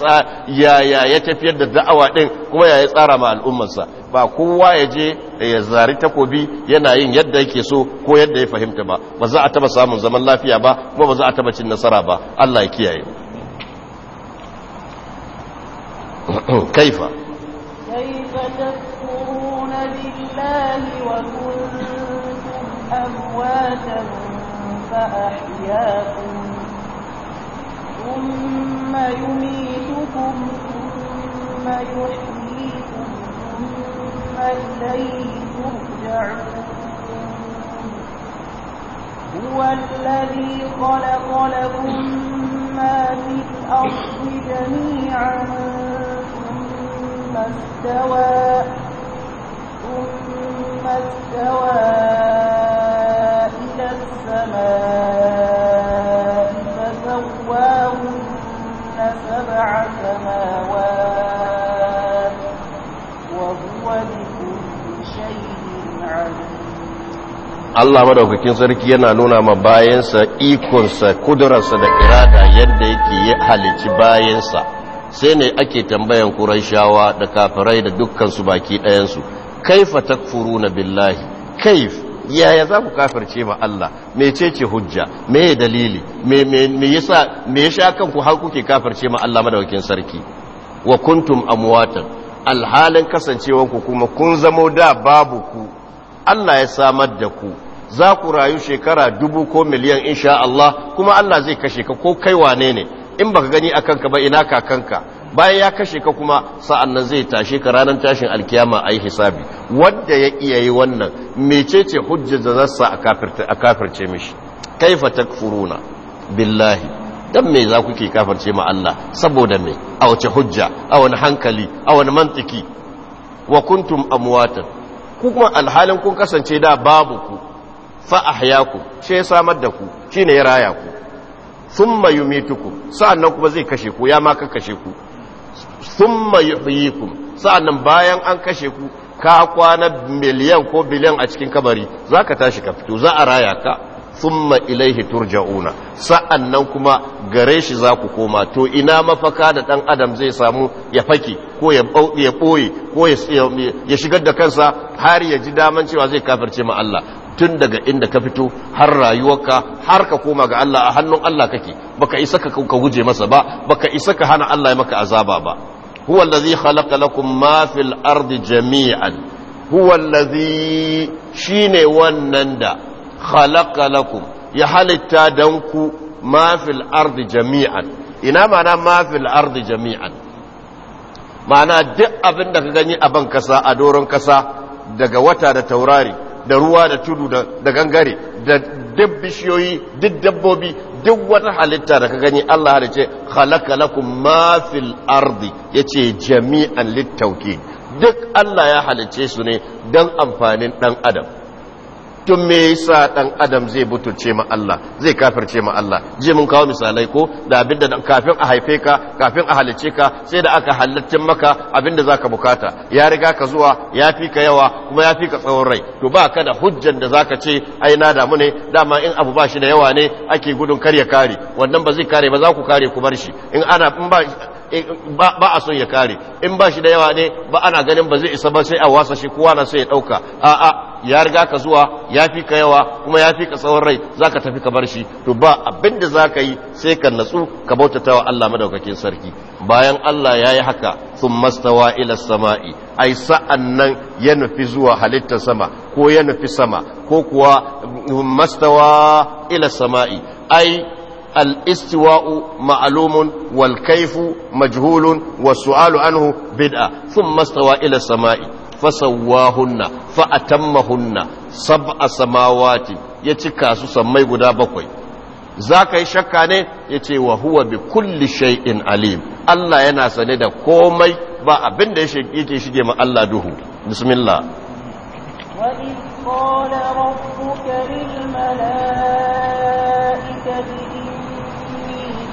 yaya ya tafiyar da da'awa din kuma ya tsara ma al'ummarsa ba kowa ya je ya zari takobi yana yin yadda yake so ko yadda ya fahimta ba ba za a taba samun zaman lafiya ba kuma ba za a taba cin nasara ba Allah ya kiyaye [COUGHS] kaifa kaifa billahi wa kuntum amwatan fa ahyaakum ثم يميتكم ثم يحييكم ثم إليه ترجعون هو الذي خلق لكم ما في الأرض جميعا ثم استوى ثم استوى إلى السماء سماوات وهو لكل شيء Allah madaukakin sarki yana nuna ma bayansa ikonsa kudurarsa da irada yadda yake halici bayansa sai ne ake tambayan Qurayshawa da kafirai da dukkan su baki ɗayansu kaifa takfuruna billahi kaif yaya za ku kafirce ma Allah mecece hujja me dalili me yasa me ya sha kanku har kuke kafirce ma Allah madaukakin sarki wa kuntum amwatan alhalin ku kuma kun zamo da babu ku Allah ya samar da ku za ku rayu shekara dubu ko miliyan insha Allah kuma Allah zai kashe ka ko kai wane ne in baka gani akan ka ba ina kakanka bayan ya kashe ka kuma sa'an nan zai tashe ka ranar tashin alkiyama a yi hisabi wadda ya iya yi wannan mecece hujjar da zarsa a kafirce mishi kaifa furuna. billahi don me za ku ke kafirce ma Allah saboda mai a wace hujja a wani hankali a wani mantiki wa kuntum amwatan ku kuma alhalin kun kasance da babu ku fa ahyaku shi ya samar da ku shine ya raya ku thumma yumituku sa'annan kuma zai kashe ku ya ma ka kashe ku thumma yuhyikum sa'annan bayan an kashe ku ka kwana miliyan ko biliyan a cikin kabari zaka tashi ka fito za a raya ka thumma ilaihi turja'una sa'annan kuma gare shi za ku koma to ina mafaka da dan adam zai samu ya fake ko ya ya ko ya shigar da kansa har ya ji daman cewa zai kafirce ma Allah tun daga inda ka fito har rayuwarka har ka koma ga Allah a hannun Allah kake baka isa ka guje masa ba baka isa ka hana Allah ya maka azaba ba huwa allazi khalaqa lakum ma fil ardi jami'an huwa allazi shine wannan da khalaqa lakum ya halitta dan ku ma fil ardi jami'an ina mana ma fil ardi jami'an ma'ana duk abin da ka gani a ban ƙasa a doron ƙasa daga wata da taurari da ruwa da tudu da gangare da duk bishiyoyi duk dabbobi duk wata halitta da ka gani Allah ya ce khalaqa lakum ma fil ardi yace jami'an littauki duk Allah ya halice su ne don amfanin dan adam tun me yasa dan adam zai butulce ma Allah zai kafirce ma Allah je mun kawo misalai ko da abinda kafin a haife ka kafin a halice ka sai da aka halattin maka abinda zaka bukata ya riga ka zuwa ya fi ka yawa kuma ya fi ka tsawon rai to ba ka da hujjan da zaka ce ai na damu ne dama in abu bashi da yawa ne ake gudun kar ya kare wannan ba zai kare ba za ku kare ku bar shi in ana in ba ba a son ya kare in ba shi da yawa ne ba ana ganin ba zai isa ba sai a wasa shi kuwa na sai ya ɗauka a'a ya riga ka zuwa ya fi ka yawa kuma ya fi ka tsawon rai za ka tafi ka bar shi to ba abin da za ka yi sai ka natsu ka bautata wa Allah madaukakin sarki bayan Allah ya yi haka sun mastawa ila sama'i ai sa'an nan ya nufi zuwa halittar sama ko ya nufi sama ko kuwa mastawa ila sama'i ai الاستواء معلوم والكيف مجهول والسؤال عنه بدعة ثم استوى إلى السماء فسواهن فأتمهن سبع سماوات يتكاس سمي قدا بقوي ذاك shakka ne yace wa huwa bi kulli shay'in alim Allah yana sane da komai ba abin da yake shige ma Allah duhu bismillah wa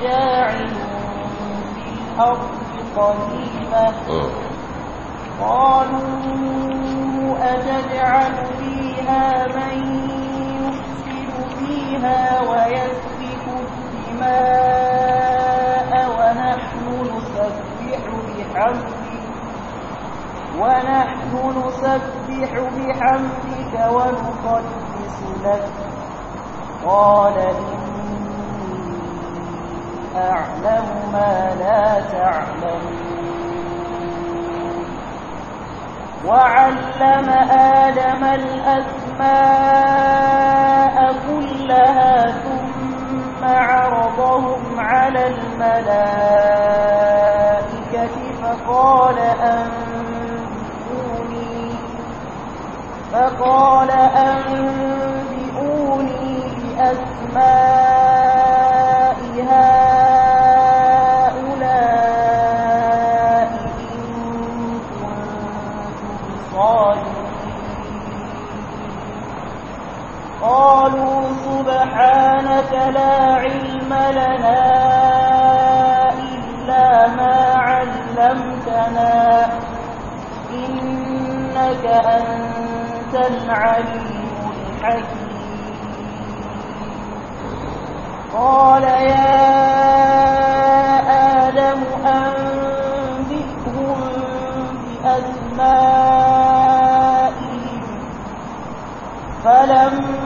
جاعل في الأرض خليفة قالوا أتجعل فيها من يفسد فيها ويسفك الدماء ونحن نسبح بحمدك ونقدس لك قال أعلم ما لا تعلمون وعلم آدم الأسماء كلها ثم عرضهم على الملائكة فقال أنبئوني فقال أنبئوني بأسمائي سبحانك لا علم لنا إلا ما علمتنا إنك أنت العليم الحكيم قال يا آدم أنبئهم بأسمائهم فلما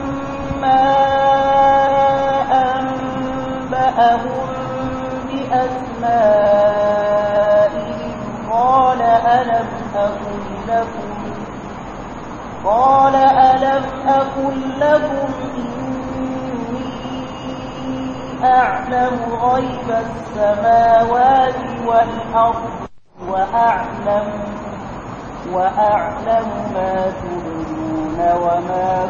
السماء قال ألم أقل لكم قال ألم أقل لكم إني أعلم غيب السماوات والأرض وأعلم وأعلم ما تبدون وما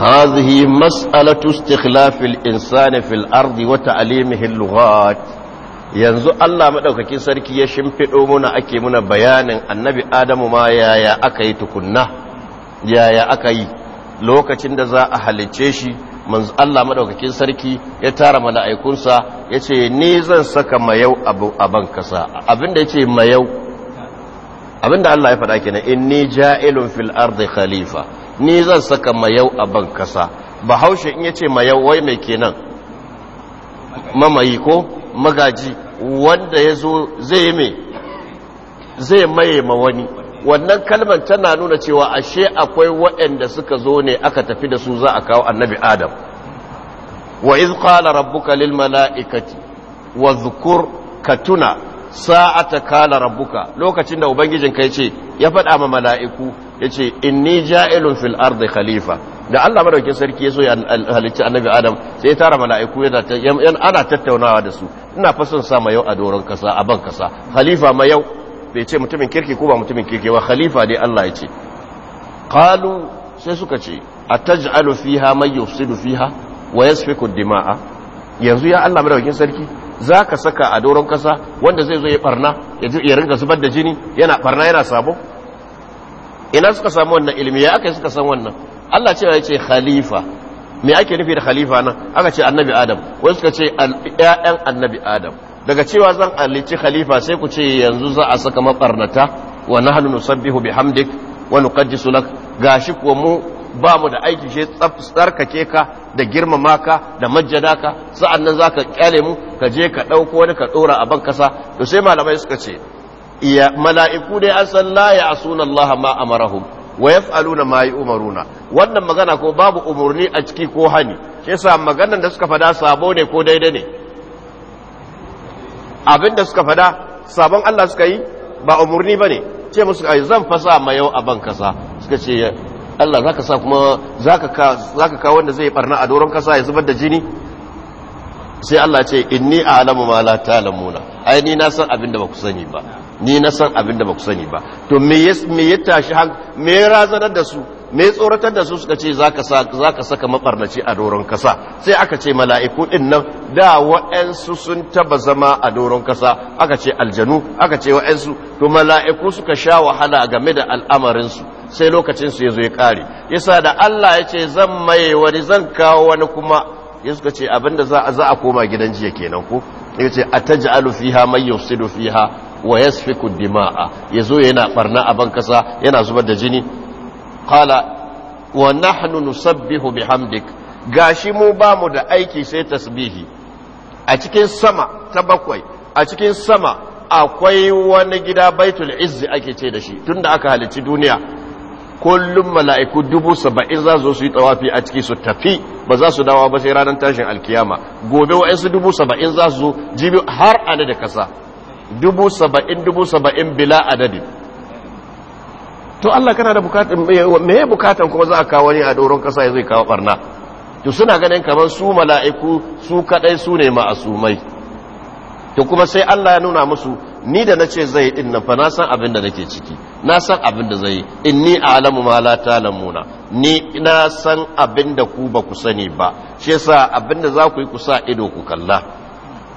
هذه مسألة استخلاف الإنسان في الأرض وتعليمه اللغات yanzu Allah maɗaukakin sarki ya shimfiɗo muna ake muna bayanin annabi Adamu ma yaya aka yi tukunna yaya aka lokacin da za a halicce shi manzu Allah maɗaukakin sarki ya tara mala'ikunsa ya ce ni zan saka mayau a ban kasa abinda ya ce mayau abinda Allah ya faɗa kenan inni ja'ilun fil ardi khalifa ni zan saka mayau a ban kasa bahaushe in yace mayau wai mai kenan mamayi ko magaji wanda yazo zai yi mai zai maye ma wani wannan kalmar tana nuna cewa ashe akwai waɗanda suka zo ne aka tafi da su za a kawo annabi adam wa iz qala rabbuka lil mala'ikati wa dhkur katuna sa'ata kala rabbuka lokacin da ubangijin kai ce ya faɗa ma mala'iku ya ce inni ja'ilun fil ardi khalifa da Allah madaukin sarki ya so ya halicci annabi Adam sai ya tara mala'iku yana ana tattaunawa da su ina fason sa ma yau a doron kasa a ban kasa khalifa ma yau bai ce mutumin kirki ko ba mutumin kirki ba khalifa dai Allah ya ce qalu sai suka ce ataj'alu fiha may yufsidu fiha wa yasfiku dima'a yanzu ya Allah madaukin sarki za ka saka a doron kasa wanda zai zo ya barna ya ringa zubar da jini yana barna yana sabo ina suka samu wannan ilimi ya aka suka san wannan Allah cewa ya ce khalifa me ake nufi da khalifa nan aka ce annabi adam wani suka ce ƴaƴan annabi adam daga cewa zan alici khalifa sai ku ce yanzu za a saka mabarnata wa nahnu nusabbihu bihamdik wa nuqaddisu lak gashi kuwa mu ba mu da aiki shi tsarkake ka da girmama ka da majjada ka sa'an nan za ka kyale mu ka je ka ɗauko wani ka ɗora a ban kasa to sai malamai suka ce iya mala'iku dai an san laye a sunan Allah ma marahu wa yaf'aluna ma yi umaruna wannan magana ko babu umarni a ciki ko hani shi sa maganar da suka fada sabo ne ko daidai ne abin da suka fada sabon Allah suka yi ba umarni ba ne ce musu ai zan fasa ma yau a ban kasa suka ce Allah za ka sa kuma za ka kawo wanda zai barna a doron kasa ya zubar da jini sai Allah ce inni a'lamu ma la lamuna ai ni na san abin da baku sani ba ni na san abin da baku sani ba to me ya me ya tashi me ya razanar da su me tsoratar da su suka ce za ka saka mabarnaci a doron kasa sai aka ce mala'iku ɗin nan da wa'yansu sun taba zama a doron kasa aka ce aljanu aka ce wa'yansu to mala'iku suka sha wahala game da al'amarinsu sai lokacinsu ya zo ya ƙare yasa da allah ya ce zan maye wani zan kawo wani kuma ya suka ce abinda za a koma gidan jiya kenan ko ya ce a ta ji alufiha mai yufsidu fiha wa yasfiku ma'a? ya zo yana barna a ban kasa yana zubar da jini kala wa nahnu nusabbihu bihamdik gashi mu ba mu da aiki sai tasbihi a cikin sama ta bakwai a cikin sama akwai wani gida baitul izzi ake ce da shi tun da aka halici duniya kullum mala'iku dubu saba'in za su yi tawafi a ciki su tafi ba za su dawa ba sai ranar tashin alkiyama gobe su dubu saba'in za su jibi har adadi kasa dubu saba'in dubu saba'in bila adadi. to Allah kana da bukatan me bukatan kuma za a kawo ne a doron kasa ya zai kawo barna to suna ganin kamar su mala'iku su kadai su ne ma'asumai to kuma sai Allah ya nuna musu ni da nace zai din nan fa na san abin da nake ciki na san abin da zai inni a'lamu ma la ta'lamuna ni na san abin da ku ba ku sani ba shi yasa abin da za ku yi ku sa ido ku kalla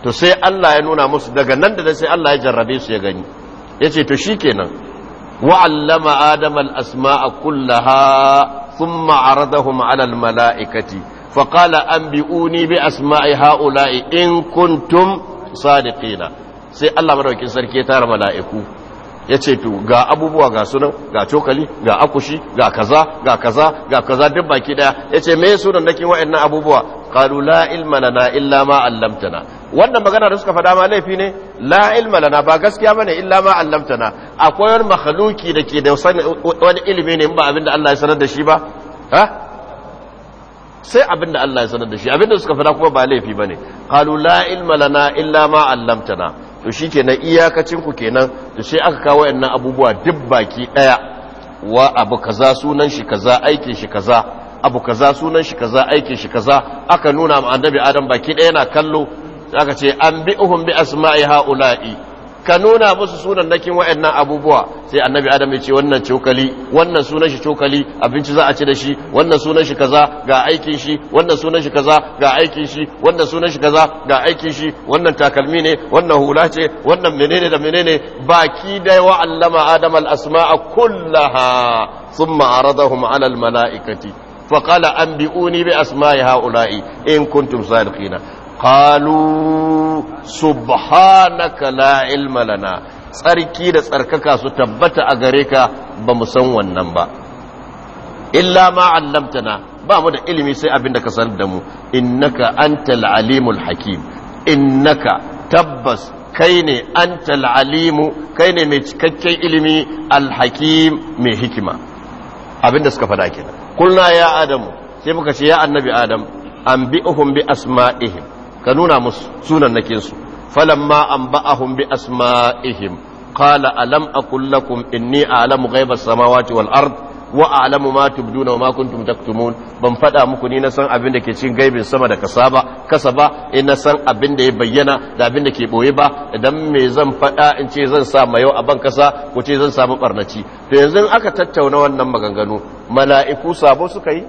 to sai Allah ya nuna musu daga nan da sai Allah ya jarrabe su ya gani yace to shikenan وعلم آدم الأسماء كلها ثم عرضهم على الملائكة فقال أنبئوني بأسماء هؤلاء إن كنتم صادقين سي الله مدوكي سركي تار ملائكو ya ce to ga abubuwa ga sunan ga cokali ga akushi ga kaza ga kaza ga kaza duk baki daya ya ce me sunan nake wa'annan abubuwa qalu la ilma lana illa ma 'allamtana wannan magana da suka faɗa ma laifi ne la ilma lana ba gaskiya bane illa ma 'allamtana akwai wani makhluki da ke da wani ilimi ne ba abinda Allah ya sanar da shi ba ha sai abinda Allah ya sanar da shi abinda suka faɗa kuma ba laifi bane qalu la ilma lana illa ma 'allamtana to shi ke kenan iyakacinku nan, to sai aka kawo yannan abubuwa duk baki ɗaya wa abu kaza sunan shi kaza aikin shi kaza abu kaza sunan shi kaza aikin shi kaza aka nuna ma annabi adam baki ɗaya na kallo aka ce an Uhun bi asma'i ha'ula'i ka nuna musu sunan nakin wa'annan abubuwa sai annabi adam ya ce wannan cokali wannan sunan shi cokali abinci za a ci da shi wannan sunan shi kaza ga aikin shi wannan sunan shi kaza ga aikin shi wannan sunan shi kaza ga aikin shi wannan takalmi ne wannan hula ce wannan menene da menene baki da wa allama adam al asma'a kullaha thumma aradahum ala al mala'ikati فقال أنبئوني بأسماء هؤلاء إن كنتم صادقين qalu subhanaka la ilma lana tsarki da tsarkaka su tabbata a gare ka ba mu san wannan ba illa ma 'allamtana ba mu da ilimi sai abin ka sanar da mu innaka antal alimul hakim innaka tabbas kai ne antal alimu kai ne mai cikakken ilimi alhakim mai hikima abinda suka fada kenan kulna ya adamu sai muka ce ya annabi adam an bi bi asma'ihim ka nuna musu sunan nakinsu falamma anba'ahum bi asma'ihim qala alam aqul lakum inni a'lamu ghaiba samawati wal ard wa a'lamu ma tubduna wa ma kuntum taktumun ban fada muku ni na san abin da ke cikin gaibin sama da kasa ba kasa ba in na san abin da ya bayyana da abin da ke boye ba idan me zan fada in ce zan sa mayau a ban kasa ko ce zan samu barnaci to yanzu aka tattauna wannan maganganu mala'iku sabo suka yi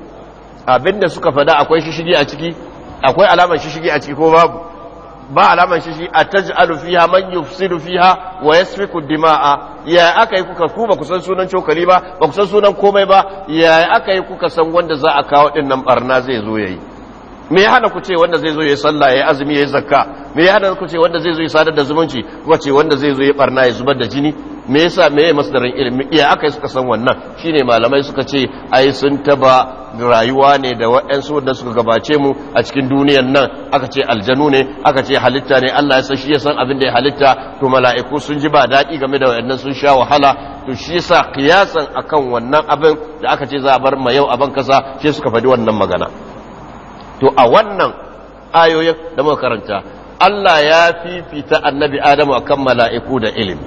abin da suka fada akwai shishigi a ciki akwai alamar shishigi a ciki ko babu ba alamar shishigi a taj'alu fiha man yufsidu fiha wa yasfiku dima'a ya aka kuka ku ba ku san sunan cokali ba ba ku san sunan komai ba ya aka yi kuka san wanda za a kawo dinnan barna zai zo yayi me ya hana ku ce wanda zai zo ya sallah ya azumi ya zakka me ya hana ku ce wanda zai zo ya sadar da zumunci ku ce wanda zai zo ya barna ya zubar da jini me yasa me ya masdarin ilimi iya aka suka san wannan shine malamai suka ce ai sun taba rayuwa ne da waɗansu wanda suka gabace mu a cikin duniyar nan aka ce aljanu ne aka ce halitta ne Allah ya san shi ya san abin da ya halitta to mala'iku sun ji ba daɗi game da waɗannan sun sha wahala to shi yasa kiyasan akan wannan abin da aka ce za a bar ma yau abin kasa shi suka faɗi wannan magana to a wannan ayoyin da muka karanta Allah ya fifita annabi Adamu akan mala'iku da ilimi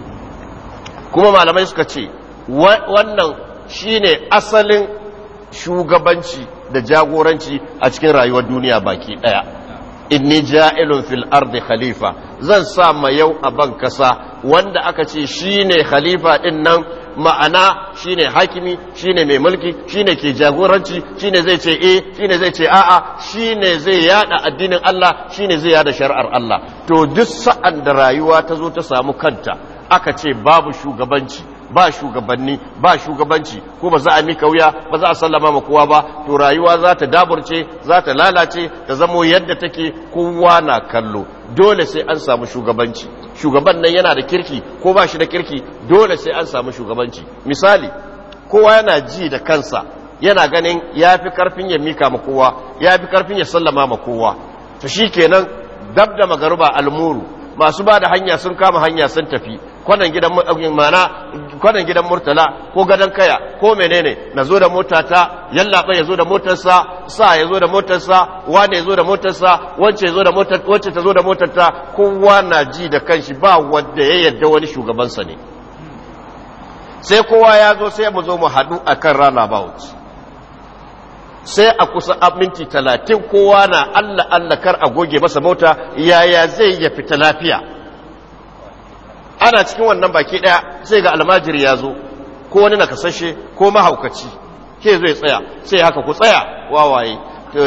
kuma malamai suka ce wannan shine asalin shugabanci da jagoranci a cikin rayuwar duniya baki daya inni ja'ilun fil ardi khalifa zan sa ma yau a ban kasa wanda aka ce shine khalifa din nan ma'ana shine hakimi shine mai mulki shine ke jagoranci shine zai ce eh shine zai ce a'a shine zai yada addinin Allah shine zai yada shari'ar Allah to duk sa'an da rayuwa ta zo ta samu kanta aka ce babu shugabanci ba shugabanni ba shugabanci ko ba za a mika wuya ba za a sallama ma kowa ba to rayuwa za ta daburce za ta lalace ta zamo yadda take kowa na kallo dole sai an samu shugabanci shugaban nan yana da kirki ko ba shi da kirki dole sai an samu shugabanci misali kowa yana ji da kansa yana ganin ya fi karfin ya mika ma kowa ya fi karfin ya sallama ma kowa to shi kenan dab da magaruba almuru masu ba da hanya sun kama hanya sun tafi kwanan gidan mana eh, kwanan gidan murtala ko gadon kaya ko menene na zo da motata yallaɓa ya zo da motarsa sa ya zo da motarsa wane ya zo da motarsa wacce zo da motar wacce ta zo da motarta kowa na ji da kanshi ba wanda ya yarda wani shugabansa ne sai kowa ya zo sai mu zo mu haɗu akan rana bauchi sai a kusa a minti talatin kowa na Allah Allah kar a goge masa mota yaya zai ya fita lafiya ana cikin wannan baki daya sai ga almajiri ya zo ko wani nakasashe ko mahaukaci ke zai tsaya sai haka ku tsaya wawaye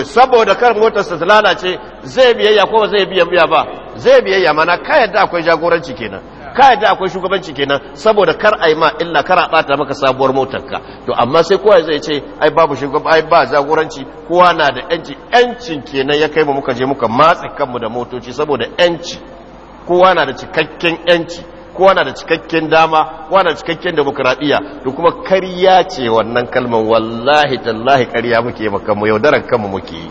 saboda kar motarsa ta lalace zai biyayya ko zai biya biya ba zai biyayya mana ka yadda akwai jagoranci kenan ka yadda akwai shugabanci kenan saboda kar ai ma illa kar a bata maka sabuwar motar ka to amma sai kowa zai ce ai babu shugaba ai ba jagoranci kowa na da yanci yancin kenan ya kai mu muka je muka matsa kanmu da motoci saboda yanci kowa na da cikakken yanci kowa na da cikakken dama kowa na cikakken demokradiya da kuma karya ce wannan kalmar wallahi tallahi karya muke makamu yaudarar kanmu muke yi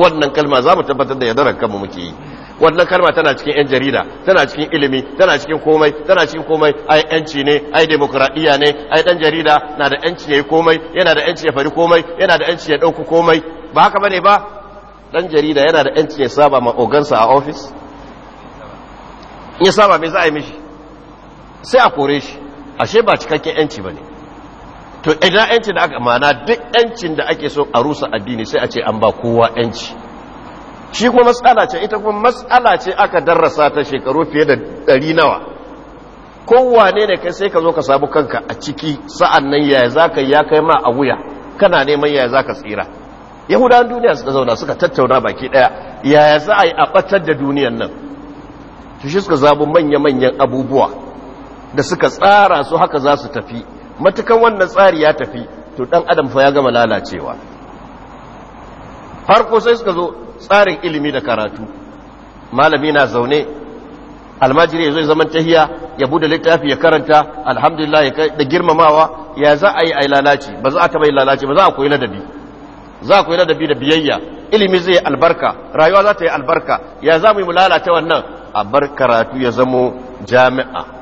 wannan kalma za mu tabbatar da yaudarar kanmu muke yi wannan kalma tana cikin yan jarida tana cikin ilimi tana cikin komai tana cikin komai ai yanci ne ai demokradiya ne ai dan jarida na da yanci ya yi komai yana da yanci ya fari komai yana da yanci ya ɗauku komai ba haka bane ba dan jarida yana da yanci ya saba ma ogansa a ofis. in ya saba me za a yi mishi sai a kore shi ashe ba cikakken yanci ba ne to idan yanci da aka mana duk yancin da ake so a rusa addini sai a ce an ba kowa yanci shi kuma matsala ce ita kuma matsala ce aka darasa ta shekaru fiye da ɗari nawa kowane ne kai sai ka zo ka sabu kanka a ciki sa'an nan yaya za ka ya kai ma a wuya kana neman yaya za ka tsira yahudawan duniya suka zauna suka tattauna baki ɗaya yaya za a yi a batar da duniyan nan to shi suka zabu manya-manyan abubuwa da suka tsara su haka za su tafi matukan wannan tsari ya tafi to dan adam fa ya gama lalacewa farko sai suka zo tsarin ilimi da karatu malami na zaune almajiri ya zo zaman tahiya ya bude littafi ya karanta alhamdulillah da girmamawa ya za a yi a lalaci ba za a taba yi lalaci ba za a koyi ladabi za a koyi ladabi da biyayya ilimi zai albarka rayuwa za ta yi albarka ya za mu yi mu lalata wannan a bar karatu ya zamo jami'a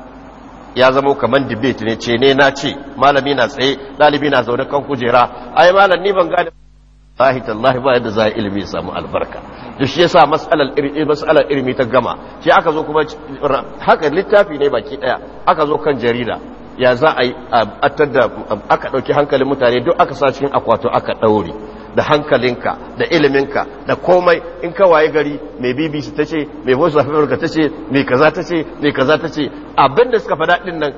ya zama kamar debate ne ce ne na ce malami na tsaye ɗalibi na zaune kan kujera ai malam ni ban gane sahi tallahi ba yadda za ilimi samu albarka duk shi yasa mas'alar ilimi eh, mas'alar ilimi ta gama shi aka zo kuma haka littafi ne baki daya aka zo kan jarida ya za a yi atar da aka ɗauki hankalin mutane duk aka sa cikin akwato aka ɗaure da hankalinka da iliminka da komai in ka waye gari mai bbc ta ce mai voice of america ta ce mai kaza ta ce mai kaza ta ce abinda suka faɗa ɗin nan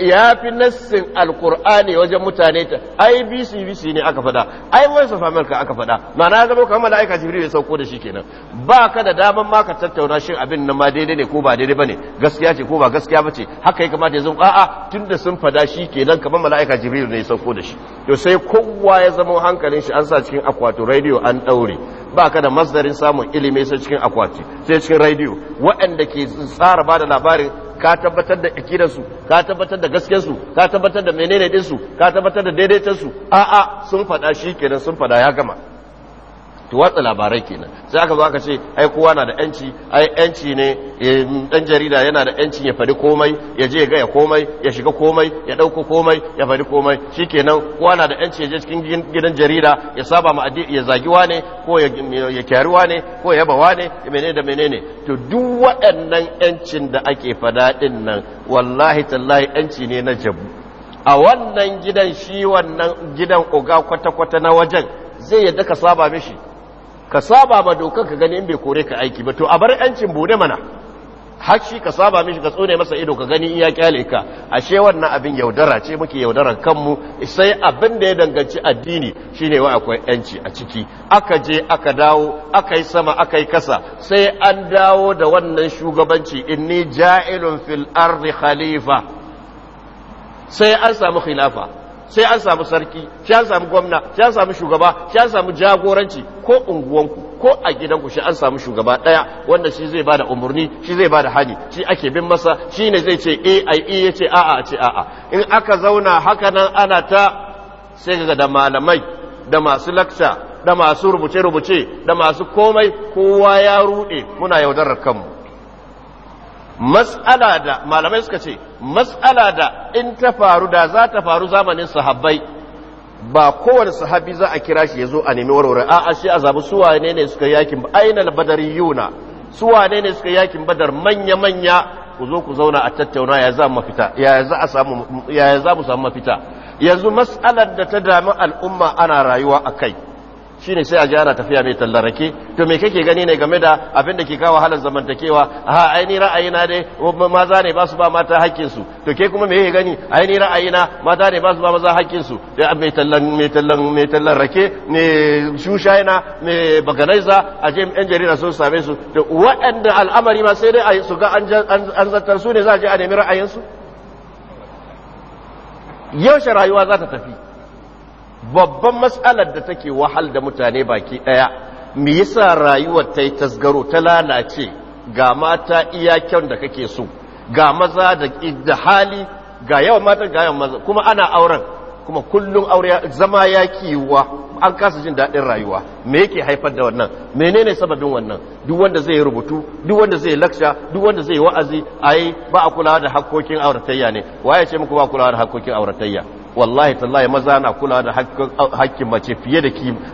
ya fi nassin alkur'ani wajen mutane ta ai bisi ne aka fada ai wai safa malka aka fada ma'ana zama kamar mala'ika jibril ya sauko da shi kenan ba ka da daman ma ka tattauna shin abin nan ma daidai ne ko ba daidai bane gaskiya ce ko ba gaskiya bace haka ya kamata ya zama a'a tunda sun fada shi kenan kamar mala'ika jibril ne ya sauko da shi to sai kowa ya zama hankalin shi an sa cikin akwato radio an daure ba ka da masdarin samun ilimi sai cikin akwati sai cikin radio waɗanda ke tsara ba da labarin ka tabbatar da akidansu ka tabbatar da su ka tabbatar da menene dinsu ka tabbatar da daidaitansu a'a sun faɗa shi kenan sun faɗa ya gama to watsa labarai kenan sai aka zo aka ce ai kowa na da yanci ai yanci ne dan eh, jarida yana da yanci ya fadi komai ya je ga ya komai ya shiga komai ya dauko komai ya fadi komai shikenan kowa na da yanci ya je cikin gidan jarida ya saba ma ya zagi wane ko ya kyari wane ko ya yaba wane menene da menene to duk waɗannan yancin da ake fada din nan wallahi tallahi yanci ne na jabu a wannan gidan shi wannan gidan oga kwata-kwata na wajen zai yadda ka saba mishi ka saba ba dokar ka gani in bai kore ka aiki ba to a bar yancin bude mana har shi ka saba mishi ka tsone masa ido ka gani iya kyale ka ashe wannan abin yaudara ce muke yaudarar kanmu sai abin da ya danganci addini shine wa akwai yanci a ciki aka je aka dawo aka yi sama aka yi kasa sai an dawo da wannan shugabanci inni ja'ilun fil ardi khalifa sai an samu khilafa sai an samu sarki sai an samu gwamna sai an samu shugaba sai an samu jagoranci ko unguwanku ko a gidanku shi an samu shugaba daya wanda shi zai bada umurni shi zai bada hani shi ake bin masa shi ne zai ce a e a e yace a'a a ce a a in aka zauna haka nan ana ta sai ga da malamai da masu lakca da masu rubuce-rubuce da masu komai kowa ya rude muna yaudarar kanmu mas'ala da malamai suka ce mas'ala da in ta faru da za ta faru zamanin sahabbai ba kowane sahabi za a kira shi ya zo a nemi warware a a shi a zabi su wane ne suka yakin ainal badariyuna su wane ne suka yakin badar manya manya ku zo ku zauna a tattauna ya za mu fita ya za a samu ya za mu samu mafita yanzu mas'alar da ta dami al'umma ana rayuwa a kai Shi ne sai a gyara tafiya mai tallarake to me kake gani ne game da abin da ke kawo halar zamantakewa a aini ra'ayina dai maza ne ba su ba mata hakkin su to ke kuma me yake gani aini ra'ayina mata ne ba su ba maza hakkin su da mai tallan mai tallan mai tallan rake ne shushaina mai baganaiza a je yan jarida sun same su da waɗanda al'amari ma sai dai su ga an zartar su ne za a je a nemi ra'ayin su yaushe rayuwa za ta tafi babban matsalar da take wahal da mutane baki daya me yasa rayuwar ta yi tasgaro ta lalace ga mata iya da kake so ga maza da idda hali ga yawan mata ga yawan maza kuma ana auren kuma kullum aure zama ya kiwa an kasa jin daɗin rayuwa me yake haifar da wannan menene sababin wannan duk wanda zai rubutu duk wanda zai laksha duk wanda zai wa'azi ai ba a kulawa da hakokin auratayya ne waye ce muku ba kulawa da hakokin auratayya wallahi tallahi maza na kula da hakkin mace fiye da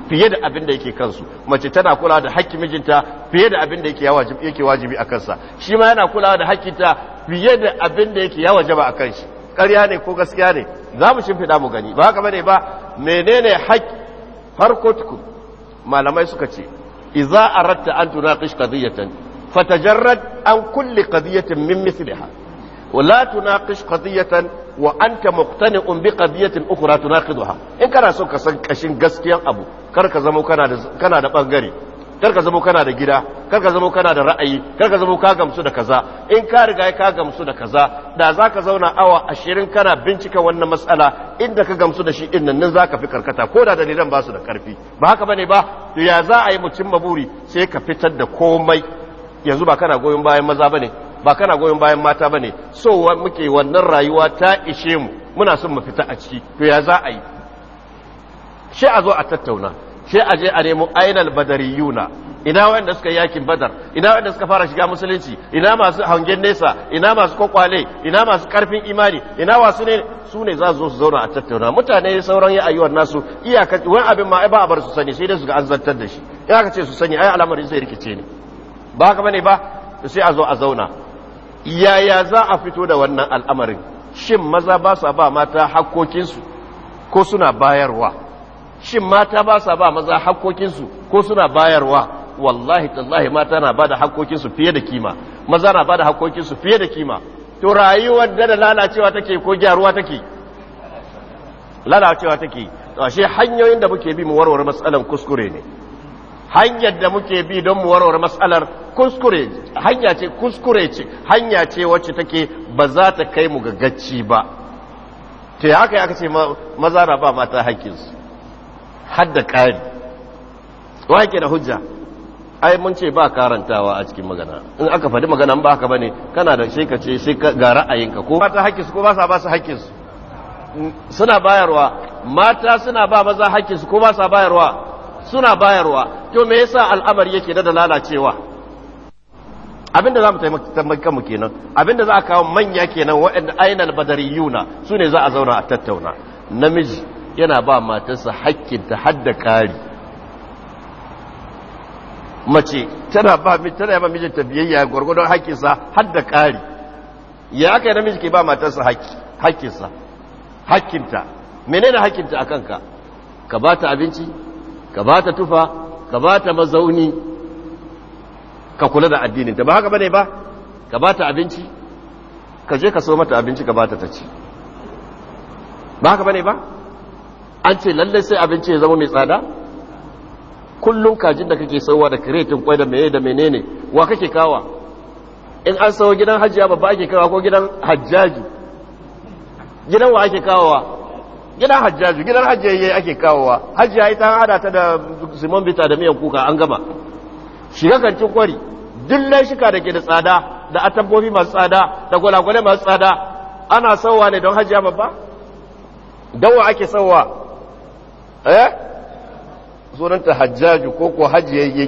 fiye da abin da yake kansu mace tana kula da hakkin mijinta fiye da abin da yake wajibi yake wajibi a kansa shi ma yana kula da haƙƙinta fiye da abin da yake ya wajaba a kanshi ƙarya ne ko gaskiya ne za mu shimfiɗa mu gani ba haka bane ba menene hakki farko tukun malamai suka ce idza aratta an tunaqish qadiyatan fatajarrad an kulli qadiyatin min mithliha ولا تناقش قضية وأنت مقتنع بقضية uku تناقضها إن كان سوك سنكشين قسكيا أبو كرك زمو كان هذا بانغري karka zamo kana da gida karka zamo kana da ra'ayi karka zamo ka gamsu da kaza in ka riga ka gamsu da kaza da zaka zauna awa ashirin kana bincika wannan matsala inda ka gamsu da shi din nan zaka fi karkata ko da dalilan ba su da karfi ba haka bane ba ya za a yi mu cimma buri sai ka fitar da komai yanzu ba kana goyon bayan maza bane ba kana goyon bayan mata ba ne so muke wannan rayuwa ta ishe mu muna son mu fita a ciki to ya za a yi shi a zo a tattauna shi a je a nemo ainal badariyuna ina wanda suka yakin badar ina wanda suka fara shiga musulunci ina masu hangen nesa ina masu kwakwale ina masu karfin imani ina wasu ne su ne za su zo su zauna a tattauna mutane sauran ya ayyuwar nasu iyaka wani abin ma ba a bar su sani sai dai su ga an zantar da shi in aka ce su sani ai al'amarin sai rikice ne ba haka bane ba sai a zo a zauna yaya za a fito da wannan al'amarin shin maza ba sa ba mata hakkokinsu ko suna bayarwa shin mata ba sa ba maza hakkokinsu ko suna bayarwa wallahi tallahi mata na ba da hakkokinsu fiye da kima maza na ba da hakkokinsu fiye da kima to rayuwar da da lalacewa take ko gyaruwa take lalacewa take to ashe hanyoyin da muke bi mu warware matsalan kuskure ne hanyar da muke bi don mu warware matsalar kuskure hanya ce kuskure ce hanya ce wacce take ba za ta kai mu ga gacci ba To yi haka ya ce maza na ba mata haƙƙinsu har da ƙari wa da hujja ai mun ce ba karantawa a cikin magana in aka faɗi magana ba haka bane kana da shi ka ce shi ga ra'ayinka ko mata haƙƙinsu ko ba sa ba su haƙƙinsu suna bayarwa mata suna ba maza haƙƙinsu ko ba sa bayarwa suna bayarwa to me yasa al'amari yake da lalacewa abinda za mu taimaka mu kenan abinda za a kawo manya kenan waɗanda ainal badariyuna su ne za a zauna a tattauna namiji yana ba matarsa hakkinta ta hadda kari mace tana ba tana ba mijinta biyayya gwargwadon hakkinsa hadda da kari ya aka yi namiji ke ba matarsa hakkinsa hakkinta menene hakkinta a ka ka ba ta abinci ka ba ta tufa ka ba ta mazauni ka kula da addinin ta ba haka bane ba ka ba ta abinci ka je ka so mata abinci ka ba ta tace. ci ba haka bane ba an ce lallai sai abinci ya zama mai tsada kullum kajin da kake sauwa da kiretin kwai da meye da menene wa kake kawa in an sawo gidan hajjiya babba ake kawa ko gidan hajjaji gidan wa ake kawawa. gidan hajjaju gidan hajjaye ake kawowa hajjiya ita hada ta da simon bita da miyan kuka an gaba shiga kancin kwari duk shika da ke da tsada da atabbobi masu tsada da gwalagwale masu tsada ana sauwa ne don hajjiya babba dawa ake sauwa eh sunanta hajjaju ko ko hajjiyayye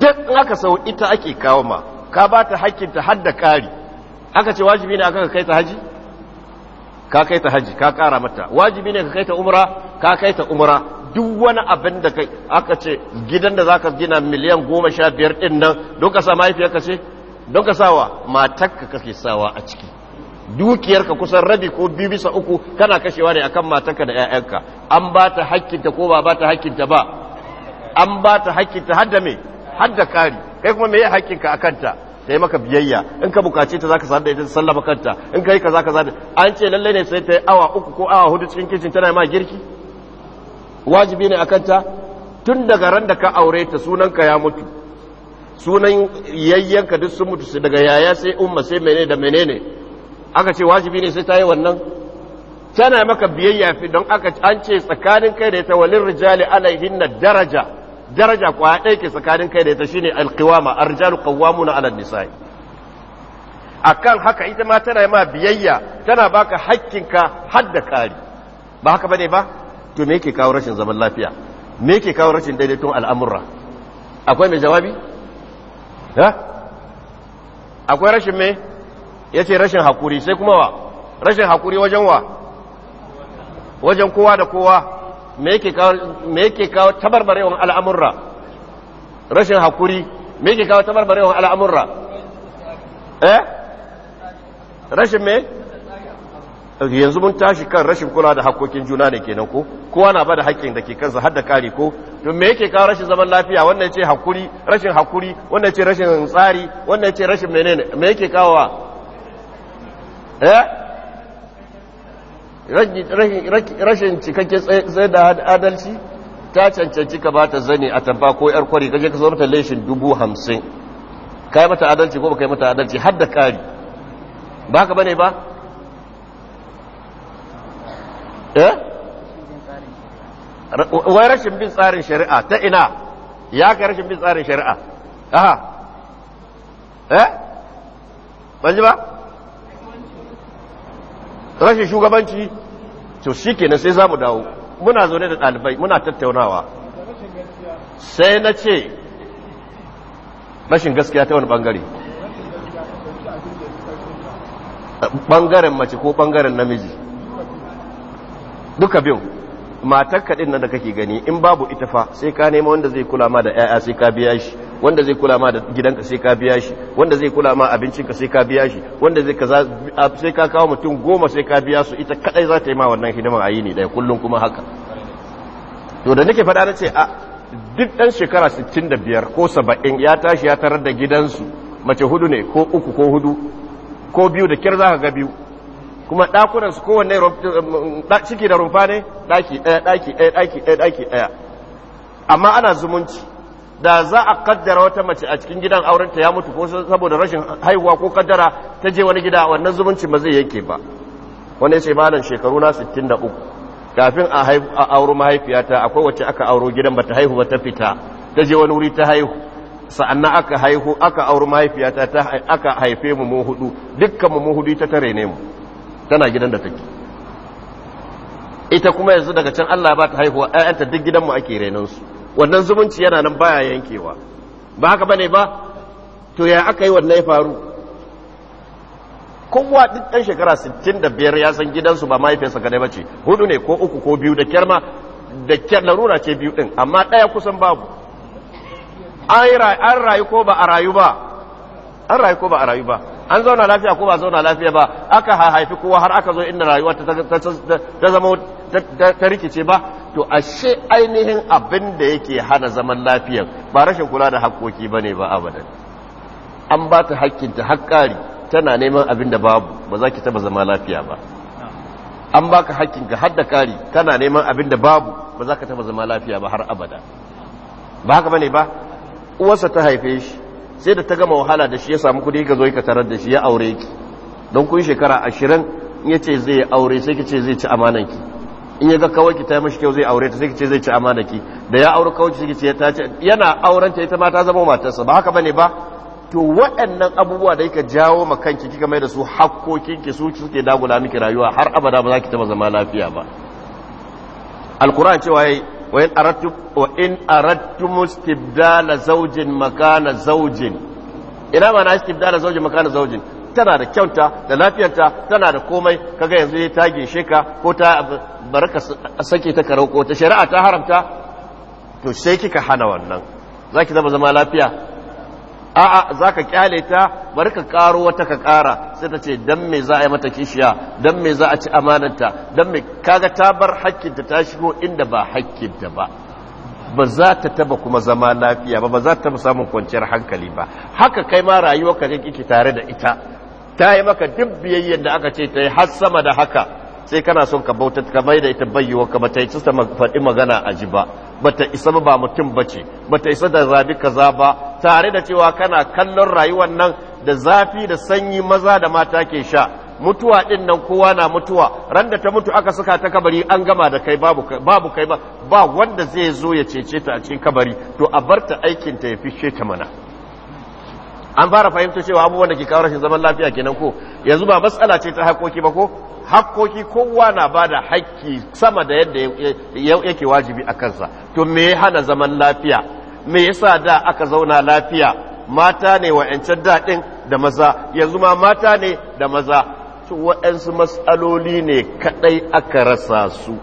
duk in aka sau ita ake kawo ma ka ba ta hakkinta har da kari aka ce wajibi ne aka kai ta haji ka kai ta haji ka kara mata wajibi ne ka kai ta umra ka kai ta umra duk wani abin da kai aka ce gidan da zaka gina miliyan goma sha biyar ɗin nan don ka sa ka ce don ka sawa ka kake sawa a ciki Dukiyar ka kusan rabi ko biyu bisa uku kana kashewa ne akan ka da 'ya'yanka an ba ta ta ko ba ba ta ta ba an ba ta ta hadda me hadda kari kai kuma me ya hakkinka akanta ta yi maka biyayya in ka bukace ta zaka sadar da ita sallama kanta in kai kaza kaza an ce lalle ne sai ta yi awa uku ko awa hudu cikin kicin tana ma girki wajibi ne akan ta tun daga ran da ka aure ta sunan ka ya mutu sunan ka duk sun mutu daga yaya sai umma sai menene da menene aka ce wajibi ne sai ta yi wannan tana maka biyayya fi don aka an ce tsakanin kai da ita walin rijali alaihin na daraja daraja kwaya ɗaya ke tsakanin kai da ita shine alqiwama arjalu qawwamuna ala nisa'i akan haka ita ma tana ma biyayya tana baka hakkinka har da kari ba haka bane ba to me yake kawo rashin zaman lafiya me yake kawo rashin daidaiton al'amura akwai mai jawabi ha akwai rashin me yace rashin hakuri sai kuma wa rashin hakuri wajen wa wajen kowa da kowa me yake kawo tabarbarewan al'amurra rashin haƙuri me yake kawo tabarbarewan al'amurra eh rashin me yanzu mun tashi kan rashin kula da haƙoƙin juna ne kenan ko kowa na da haƙƙin da ke kansa har da kare ko to me yake kawo rashin zaman lafiya wannan ce haƙuri rashin haƙuri, wannan ce rashin tsari wannan ce rashin menene me yake kawo eh rashin cikakke sai da adalci ta cancanci ka ba ta zane a tabba ko yar kwari kaje ka zo mata leshin dubu hamsin ka yi mata adalci ko ba yi mata adalci har da kari ba ka bane ba eh wai rashin bin tsarin shari'a ta ina ya ka rashin bin tsarin shari'a aha eh ban ji ba rashin shugabanci to shi kenan sai za mu dawo muna zaune da ɗalibai muna tattaunawa sai na ce rashin gaskiya ta wani ɓangare ɓangaren mace ko ɓangaren namiji duka biyu matakka kaɗin nan da kake gani in babu ita fa sai ka nema wanda zai kula ma da 'ya'ya sai ka biya shi wanda zai kula ma da gidanka sai ka biya shi wanda zai kula ma abincinka sai ka biya shi wanda zai kaza sai ka kawo mutum goma sai ka biya su ita kadai za ta yi ma wannan hidimar ayi ne daya kullum kuma haka to da nake faɗa na ce a duk ɗan shekara 65 ko 70 ya tashi ya tarar da gidansu mace hudu ne ko uku ko hudu ko biyu da kyar za ka ga biyu kuma ɗakunan su kowanne ciki da rumfa ne ɗaki ɗaya ɗaki ɗaya ɗaki ɗaya ɗaki ɗaya amma ana zumunci da za a kaddara wata mace a cikin gidan aurenta ya mutu ko saboda rashin haihuwa ko kaddara ta je wani gida wannan zumunci ba zai yanke ba wani ya ce malam shekaru na 63 kafin a auro mahaifiyata akwai wacce aka auro gidan bata haihu ba ta fita ta je wani wuri ta haihu sa'annan aka haihu aka auro mahaifiyata ta aka haife mu mu hudu dukkan mu mu hudu ta tare ne mu tana gidan da take ita kuma yanzu daga can Allah ba ta haihuwa ƴaƴanta duk gidan mu ake renansu su wannan zumunci yana nan baya yankewa ba haka bane ba to ya aka yi wannan ya faru kowa duk ɗan shekara 65 ya san gidansu ba mahaifinsa mahaifiyarsa ba bace hudu ne ko uku ko biyu da kyarma da kyar larura ce biyu ɗin amma ɗaya kusan babu an rayu ko ba a rayu ba an rayu ko ba a rayu ba an zauna lafiya ko ba zauna lafiya ba aka haifi kowa har aka zo inda rayuwa ta zama ta rikice ba to ashe ainihin abin da yake hana zaman lafiyar ba rashin kula da haƙoƙi ba ne ba abadan an ba ta haƙƙinta haƙƙari tana neman abin da babu ba za ki taɓa zama lafiya ba an ba ka haƙƙinka har da ƙari neman abin da babu ba za ka taɓa zama lafiya ba har abada ba haka ba ne ba uwarsa ta haife shi sai da ta gama wahala da shi ya samu kuɗi ka zo ka tarar da shi ya aure ki don kun shekara ashirin in ya ce zai aure sai ki ce zai ci amanan ki. in ya ga kawai ki ta mashi kyau zai aure ta sai ce zai ci amana ki da ya aure kawai ki ce ta ce yana auren ta ita ma ta zama matarsa ba haka bane ba to waɗannan abubuwa da yake jawo ma kanki kika mai da su hakkokin ki su suke dagula miki rayuwa har abada ba za ki taba zama lafiya ba alquran cewa yayi wa in aradtu wa in aradtu mustibdala zawjin makana zawjin ina ma na istibdala zawjin makana zawjin tana da kyauta da lafiyarta tana da komai kaga yanzu ya ta sheka ka ko ta baraka sake ta karau ko ta shari'a ta haramta to sai kika hana wannan zaki zama zama lafiya a'a zaka kyale ta bari ka karo wata ka kara sai ta ce dan me za a yi mata kishiya dan me za a ci amananta dan me kaga ta bar hakkinta ta shigo inda ba hakkinta ba ba za ta taba kuma zama lafiya ba ba za ta taba samun kwanciyar hankali ba haka kai ma rayuwa ka kike tare da ita ta yi maka duk biyayyen da aka ce ta yi har sama da haka sai kana son ka bautar ka bai da ita bayyuwa ka bata isa ta faɗi magana a ji ba bata isa ba mutum ba bace bata isa da zabi kaza ba tare da cewa kana kallon rayuwar nan da zafi da sanyi maza da mata ke sha mutuwa din nan kowa na mutuwa ran da ta mutu aka suka ta kabari an gama da kai babu kai ba wanda zai zo ya cece ta a cikin kabari to a barta aikin ta ya fishe ta mana an fara fahimta cewa abubuwan da ke kawo rashin zaman lafiya kenan ko yanzu ba matsala ce ta hakoki ba ko hakkoki kowa na ba da hakki sama da yadda yake wajibi a kansa to me ya hana zaman lafiya me yasa da aka zauna lafiya mata ne wa wa'ancan daɗin da maza yanzu ma mata ne da maza to waɗansu matsaloli ne kaɗai aka rasa su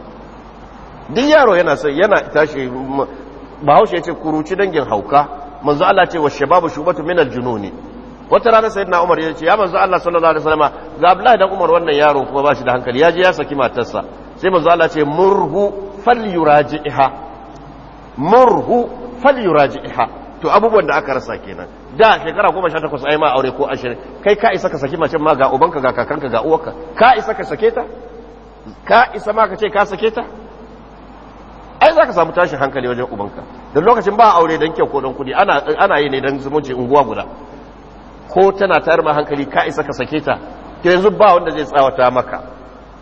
duk yaro yana tashi bahaushe ya ce kuruci dangin hauka manzo Allah ce wa shababu shubatu min aljununi wata rana sayyidina Umar ya ce ya manzo Allah sallallahu alaihi wasallam ga Abdullahi dan Umar wannan yaro kuma ba shi da hankali ya je ya saki matarsa sai manzo Allah ce murhu falyuraji'ha murhu falyuraji'ha to abubuwan da aka rasa kenan da shekara goma sha takwas ai ma aure ko ashirin kai ka isa ka saki mace ma ga ubanka ga kakanka ga uwarka ka isa ka sake ta ka isa ma ka ce ka sake ta ai za ka samu tashin hankali wajen ubanka da lokacin ba aure don kyau ko don kudi ana yi ne don zumunci unguwa guda ko tana tayar ma hankali ka isa ka sake ta to yanzu ba wanda zai tsawata maka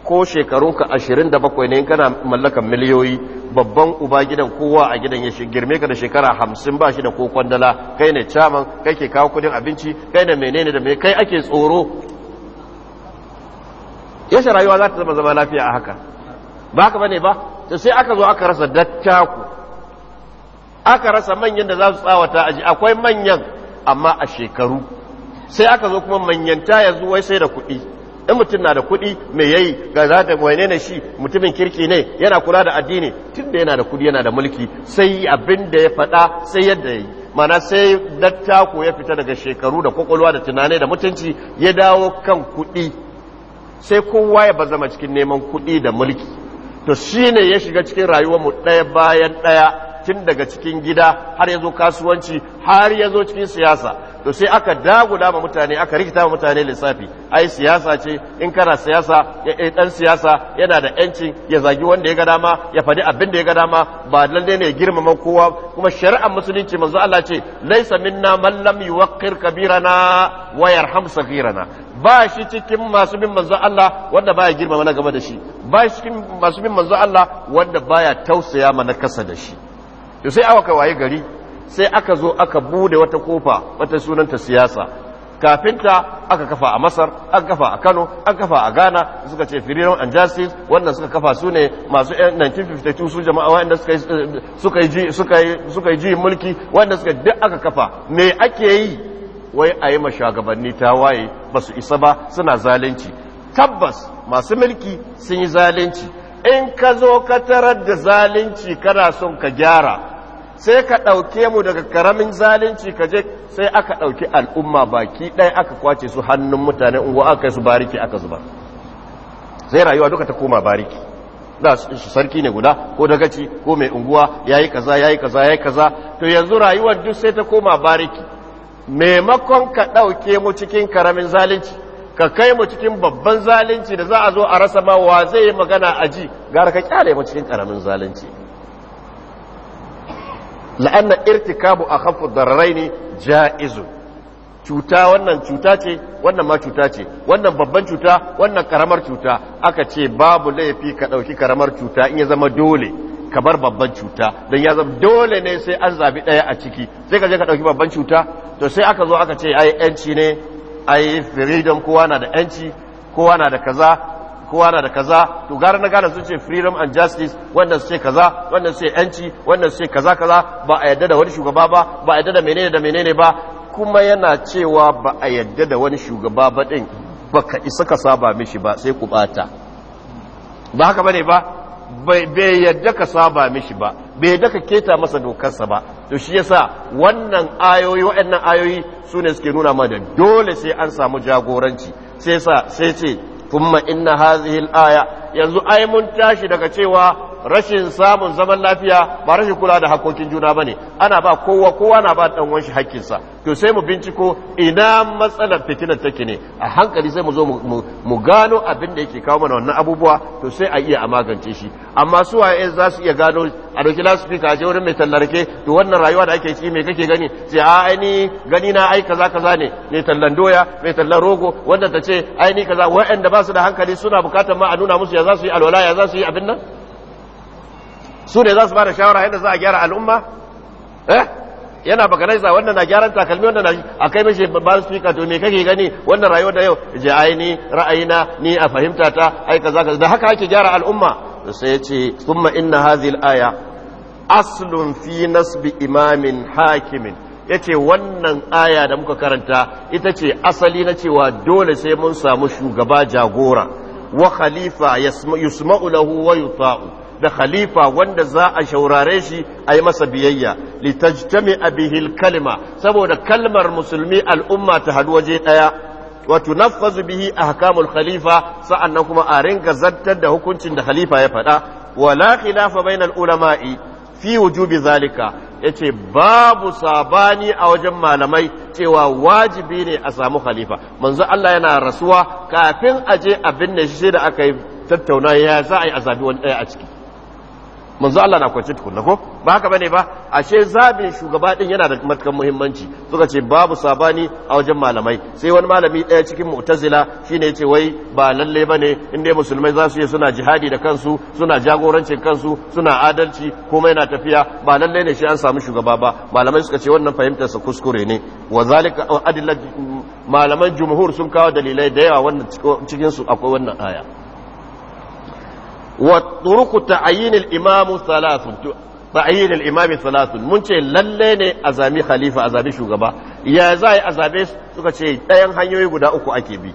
ko shekaru ka ashirin da bakwai ne kana mallakan miliyoyi babban uba gidan kowa a gidan ya girme ka da shekara hamsin ba shi da ko kwandala kai ne caman kai ke kawo kudin abinci kai da menene da mai kai ake tsoro Yasha rayuwa za ta zama zama lafiya a haka ba haka ne ba sai aka zo aka rasa dattaku aka rasa manyan da za su tsawata aji akwai manyan amma a shekaru sai aka zo kuma manyanta ya zuwa sai da kuɗi in mutum na da kuɗi mai yayi ga za ta wane ne shi mutumin kirki ne yana kula da addini tun da yana da kuɗi yana da mulki sai abin da ya faɗa sai yadda ya yi mana sai dattako ya fita daga shekaru da kwakwalwa da tunani da mutunci ya dawo kan kuɗi sai kowa ya zama cikin neman kuɗi da mulki to shine ya shiga cikin rayuwar mu ɗaya bayan ɗaya tun daga cikin gida har ya zo kasuwanci har ya zo cikin siyasa to sai aka dagula ma mutane aka rikita ma mutane lissafi ai siyasa ce in kana siyasa dan eh, siyasa yana da yanci ya zagi wanda ya ga dama ya faɗi abin da ya ga dama ba lalle ne girmama kowa kuma shari'ar musulunci manzo Allah ce laisa minna man lam yuwaqqir kabirana wa yarham saghirana ba shi cikin masu bin manzo Allah wanda baya girmama na gaba da shi ba shi cikin masu bin manzo Allah wanda baya tausaya mana kasa da shi to sai aka waye gari sai aka zo aka bude wata kofa wata sunanta siyasa kafinta aka kafa a masar aka kafa a kano aka kafa a ghana suka ce freedom and justice wannan suka kafa su ne masu 1952 su jama'a wanda suka yi suka yi ji mulki wanda suka duk aka kafa me ake yi wai a yi mashagabanni ta waye ba su isa ba suna zalunci tabbas masu mulki sun yi zalunci in ka zo ka tarar da zalunci kana son ka gyara sai ka ɗauke mu daga karamin zalunci ka je sai aka ɗauki al'umma baki ɗaya aka kwace su hannun mutane unguwa aka su bariki aka zuba sai rayuwa duka ta koma bariki sarki ne guda ko dagaci ko mai unguwa ya yi kaza ya yi kaza yi kaza to yanzu rayuwar duk sai ta koma bariki maimakon ka ɗauke mu cikin karamin zalunci ka kai mu cikin babban zalunci da za a zo a rasa ma wa zai yi magana a ji gara ka kyale mu cikin karamin zalunci la'anna irtikabu akhaffu dararaini ja'izu cuta wannan cuta ce wannan ma cuta ce wannan babban cuta wannan karamar cuta aka ce babu laifi ka ɗauki karamar cuta in ya zama dole ka bar babban cuta don ya zama dole ne sai an zabi ɗaya a ciki sai ka je ka ɗauki babban cuta to sai aka zo aka ce ai yanci ne ai freedom kowa na da yanci kowa na da kaza kowa na da kaza to gara na gane sun ce freedom and justice wannan sun ce kaza wannan sun ce yanci wannan sun ce kaza kaza ba a yadda da wani shugaba ba ba a yadda da menene da menene ba kuma yana cewa ba a yadda da wani shugaba ba din baka isa ka saba mishi ba sai ku bata ba haka bane ba bai yadda ka saba mishi ba bai yadda ka keta masa dokarsa ba to shi yasa wannan ayoyi waɗannan ayoyi su ne suke nuna ma da dole sai an samu jagoranci sai sa sai ce thumma inna hadhihi al-aya yanzu ai mun tashi daga cewa rashin samun zaman lafiya ba rashin kula da hakokin juna ba ne ana ba kowa kowa na ba dan wanshi hakkinsa to sai mu binciko ina matsalar fitinar take ne a hankali sai mu zo mu gano abin da yake kawo mana wannan abubuwa to sai a iya a magance shi amma su waye za su iya gano a la su fika je wurin mai tallarke to wannan rayuwa da ake ci me kake gani sai a aini gani na ai kaza kaza ne mai tallan doya mai tallan rogo wanda ta ce aini kaza wa'anda ba su da hankali suna bukatar ma a nuna musu ya za su yi alwala ya za su yi abin nan su ne za su bada shawara yadda za a gyara al'umma eh yana baka naisa wannan na gyaran takalmi wannan na a kai mashi babban speaker to me kake gani wannan rayuwar da yau je ai ni ra'ayina ni a fahimta ta ai kaza kaza da haka ake gyara al'umma sai ya ce thumma inna hadhihi al-aya aslun fi nasbi imamin hakimin yace wannan aya da muka karanta ita ce asali na cewa dole sai mun samu shugaba jagora wa khalifa yusma'u lahu wa yuta'u da khalifa wanda za a shaurare shi a yi masa biyayya litajtami bihil kalima saboda kalmar musulmi al'umma ta haɗu waje ɗaya wato tunaffazu bihi ahkamul khalifa sa'annan kuma a ringa zartar da hukuncin da khalifa ya faɗa wala khilafa bainal ulama'i fi wujubi zalika yace babu sabani a wajen malamai cewa wajibi ne a samu khalifa manzo Allah yana rasuwa kafin a je abin da shi da aka yi tattauna ya za a yi zabi wani ɗaya a ciki manzo Allah na kwance tukunna ko ba haka bane ba ashe zabin shugaba din yana da matakan muhimmanci suka ce babu sabani a wajen malamai sai wani malami ɗaya cikin mu'tazila shine yace wai ba lalle bane inda musulmai za su yi suna jihadi da kansu suna jagorancin kansu suna adalci komai yana tafiya ba lalle ne shi an samu shugaba ba malamai suka ce wannan fahimtar sa kuskure ne wa zalika adillat malaman jumhur sun kawo dalilai da yawa wannan cikin su akwai wannan aya wa turuku ta'ayyin al-imam thalathun mun ce lalle ne a khalifa a zabi shugaba ya za a zabe suka ce ɗayan hanyoyi guda uku ake bi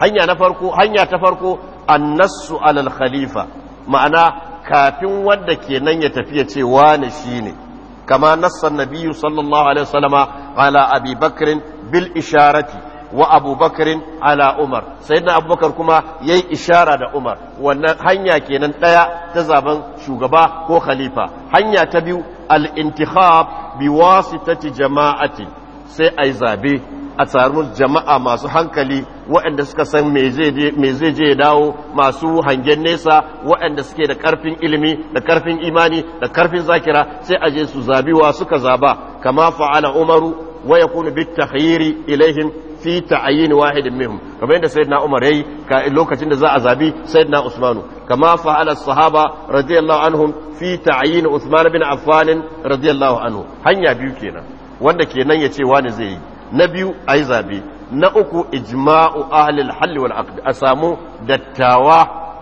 hanya na farko hanya ta farko annasu alal khalifa ma'ana kafin wanda kenan ya tafi ya ce wane shine kama nassan nabiyyu sallallahu alaihi wasallama ala abi bakrin bil isharati wa abubakarin ala umar sayyidina abubakar kuma ya yi ishara da umar wannan hanya kenan daya ta zaben shugaba ko khalifa hanya ta biyu al'intihab bi wasitati jama'ati sai a zabe a tsarin jama'a masu hankali waɗanda suka san me zai je dawo masu hangen nesa waɗanda suke da ƙarfin ilimi da ƙarfin imani da ƙarfin zakira sai a je su zabiwa suka zaba kama fa'ala umaru wa bi ta tahyiri ilaihin. fi ta'ayyin wahidin minhum kamar yadda sayyidina Umar yayi lokacin da za a zabi sayyidina Usman kama fa'ala sahaba radiyallahu anhum fi ta'ayyin Usman bin Affan radiyallahu anhu hanya biyu kenan wanda kenan yace wani zai yi na biyu ayi zabe na uku ijma'u ahli al-hal wal aqd a samu dattawa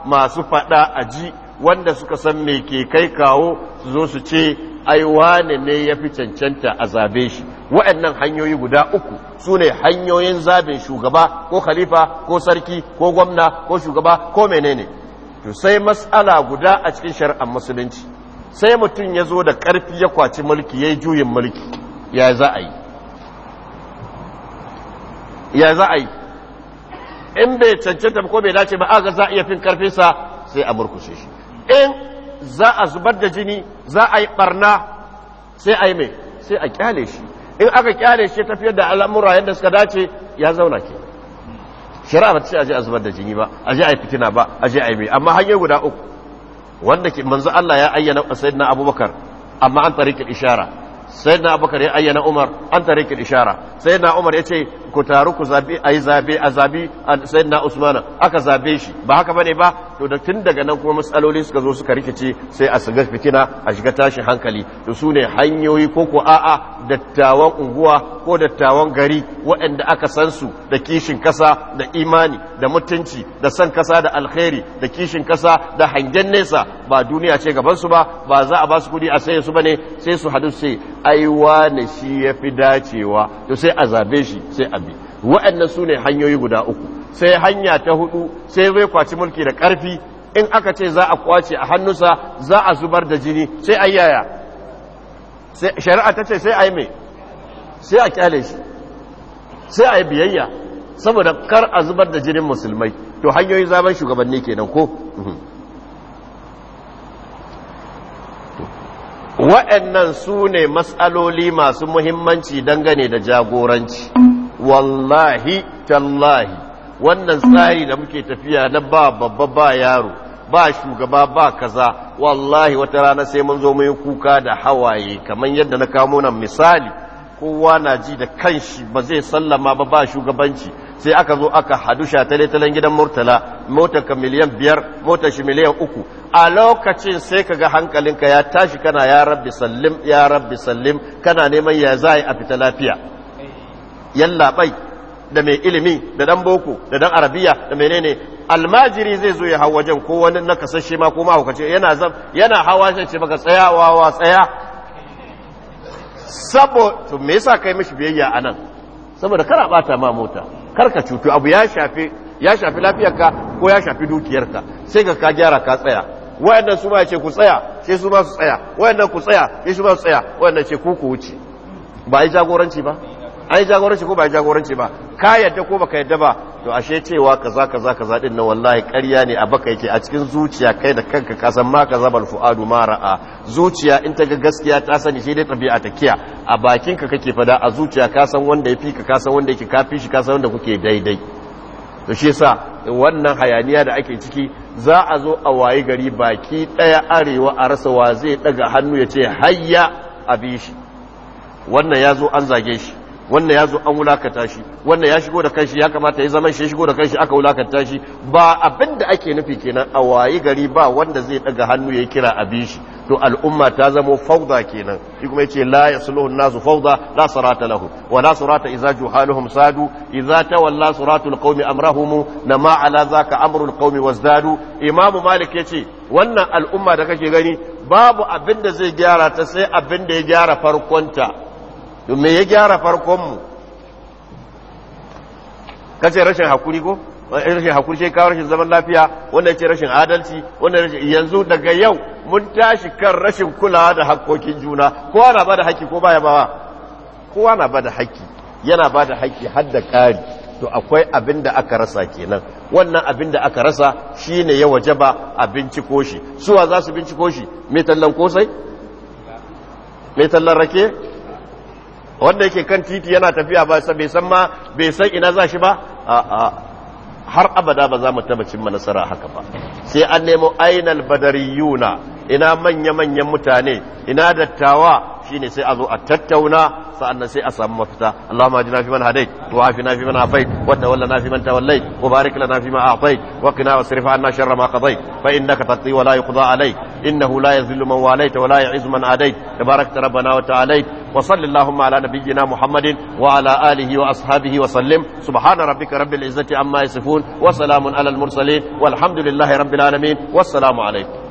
masu fada aji wanda suka san me ke kai kawo su zo su ce ai wane ne ya fi cancanta a zabe shi waɗannan hanyoyi guda uku su ne hanyoyin zaben shugaba ko khalifa ko sarki ko gwamna ko shugaba ko menene to sai mas'ala guda a cikin shari'ar musulunci sai mutum ya zo da ƙarfi ya kwaci mulki ya yi juyin mulki ya za a yi ya za a yi in bai cancanta ko bai dace ba aga za a iya fin ƙarfinsa sai a murkushe shi in za a zubar da jini za a yi barna sai a yi mai sai a kyale shi in aka kyale shi tafiyar da al'amura yadda suka dace ya zauna ke shari'a ba ce a je a zubar da jini ba a je a yi fitina ba a je a yi mai amma hanyar guda uku wanda ke manzo Allah ya ayyana sayyidina Abubakar amma an ke ishara sayyidina Abubakar ya ayyana Umar an ke ishara sayyidina Umar ya ce ku taru ku zabi a yi zabe a zabi a sayyidina usmana aka zabe shi ba haka bane ba to da tun daga nan kuma matsaloli suka zo suka rikice sai a shiga fitina a shiga tashin hankali to su ne hanyoyi ko ko a'a dattawan unguwa ko dattawan gari waɗanda aka san su da kishin kasa da imani da mutunci da san kasa da alkhairi da kishin kasa da hangen nesa ba duniya ce gaban su ba ba za a ba su kudi a saye su bane sai su hadu sai aiwa ne shi fi dacewa to sai a zabe shi sai a abi waɗannan su ne hanyoyi guda uku sai hanya ta hudu sai zai kwaci mulki da ƙarfi in aka ce za a kwace a hannusa za a zubar da jini sai a yaya shari'a ta ce sai a yi mai sai a kyale shi sai a yi biyayya saboda kar a zubar da jinin musulmai to hanyoyin zaben shugabanni kenan ko mhm. waɗannan su ne matsaloli masu muhimmanci dangane da jagoranci wallahi tallahi wannan tsari da muke tafiya na ba babba ba yaro ba shugaba ba kaza wallahi wata rana sai mun zo mai kuka da hawaye kamar yadda na kamo nan misali kowa na ji da kanshi ba zai sallama ba ba shugabanci sai aka zo aka hadu tale talen gidan murtala motar ka miliyan biyar motar shi miliyan uku a lokacin sai ka ga hankalinka ya tashi kana ya rabbi sallim ya rabbi sallim kana neman ya za a fita lafiya yallaɓai da mai ilimi da dan boko da dan arabiya da menene almajiri zai zo ya hau wajen ko wani na kasashe ma ko mahaukaci yana zab yana hawa shi ce maka tsayawa wa tsaya saboda me yasa kai mishi biyayya anan saboda a bata ma mota kar ka cutu abu ya shafi ya shafi lafiyarka ko ya shafi dukiyarka sai ga ka gyara ka tsaya wayannan su ma ce ku tsaya sai su ma su tsaya wayannan ku tsaya sai su ma su tsaya wayannan ce ku ku wuce ba ai jagoranci ba an jagoranci ko ba jagoranci ba ka yadda ko baka yadda ba to ashe cewa kaza kaza kaza din na wallahi ƙarya ne a baka yake a cikin zuciya kai da kanka ka san ma kaza bal fuadu ma ra'a zuciya in ta ga gaskiya ta sani shi dai tabi'a ta kiya a bakin ka kake fada a zuciya ka san wanda yafi ka ka san wanda yake ka fi shi ka san wanda kuke daidai to shi yasa wannan hayaniya da ake ciki za a zo a wayi gari baki daya arewa a rasa wa zai daga hannu ya ce hayya a shi wannan ya zo an zage shi wannan ya zo an wulakata shi wannan ya shigo da kanshi ya kamata ya zaman shi shigo da kanshi aka wulakata shi ba abin da ake nufi kenan a wayi gari ba wanda zai daga hannu ya kira abin shi to al'umma ta zamo fauda kenan shi kuma yace la yasluhu nasu fauda la sarata lahu wa la idza juhaluhum sadu idza tawalla suratul qaumi amrahum nama ala zaka amrul qaumi wazdadu imam malik yace wannan al'umma da kake gani babu abin da zai gyara ta sai abin da ya gyara farkonta to me ya gyara farkon mu kace rashin hakuri ko rashin hakuri sai kawo rashin zaman lafiya wanda ce rashin adalci wanda rashin yanzu daga yau mun tashi kan rashin kulawa da hakkokin juna kowa na bada haƙƙi ko baya bawa kowa na bada haƙƙi yana bada haƙƙi har da ƙari to akwai abin da aka rasa kenan wannan abin da aka rasa shine ya wajaba a binciko shi suwa za su binciko shi me tallan kosai me tallan rake wanda yake kan titi yana tafiya ba sa bai san ma bai san ina za shi ba har abada ba za mu taba cimma nasara haka ba sai an nemo ainal badariyuna ina manya-manyan mutane ina dattawa shine sai a zo a tattauna sa'annan sai a samu mafita Allahumma na fi man hadait wa na fi man afait walla na fi man tawallait wa barik lana fi ma atait wa qina wasrif anna sharra ma qadait fa innaka taqdi wa la yuqda alayk innahu la yadhillu man walayt wa la yu'izzu man adait tabarakta rabbana wa ta'alait wa sallallahu ala nabiyyina muhammadin wa ala alihi wa ashabihi wa sallim subhana rabbika rabbil izzati amma yasifun wa salamun ala al mursalin walhamdulillahi rabbil alamin wassalamu alaykum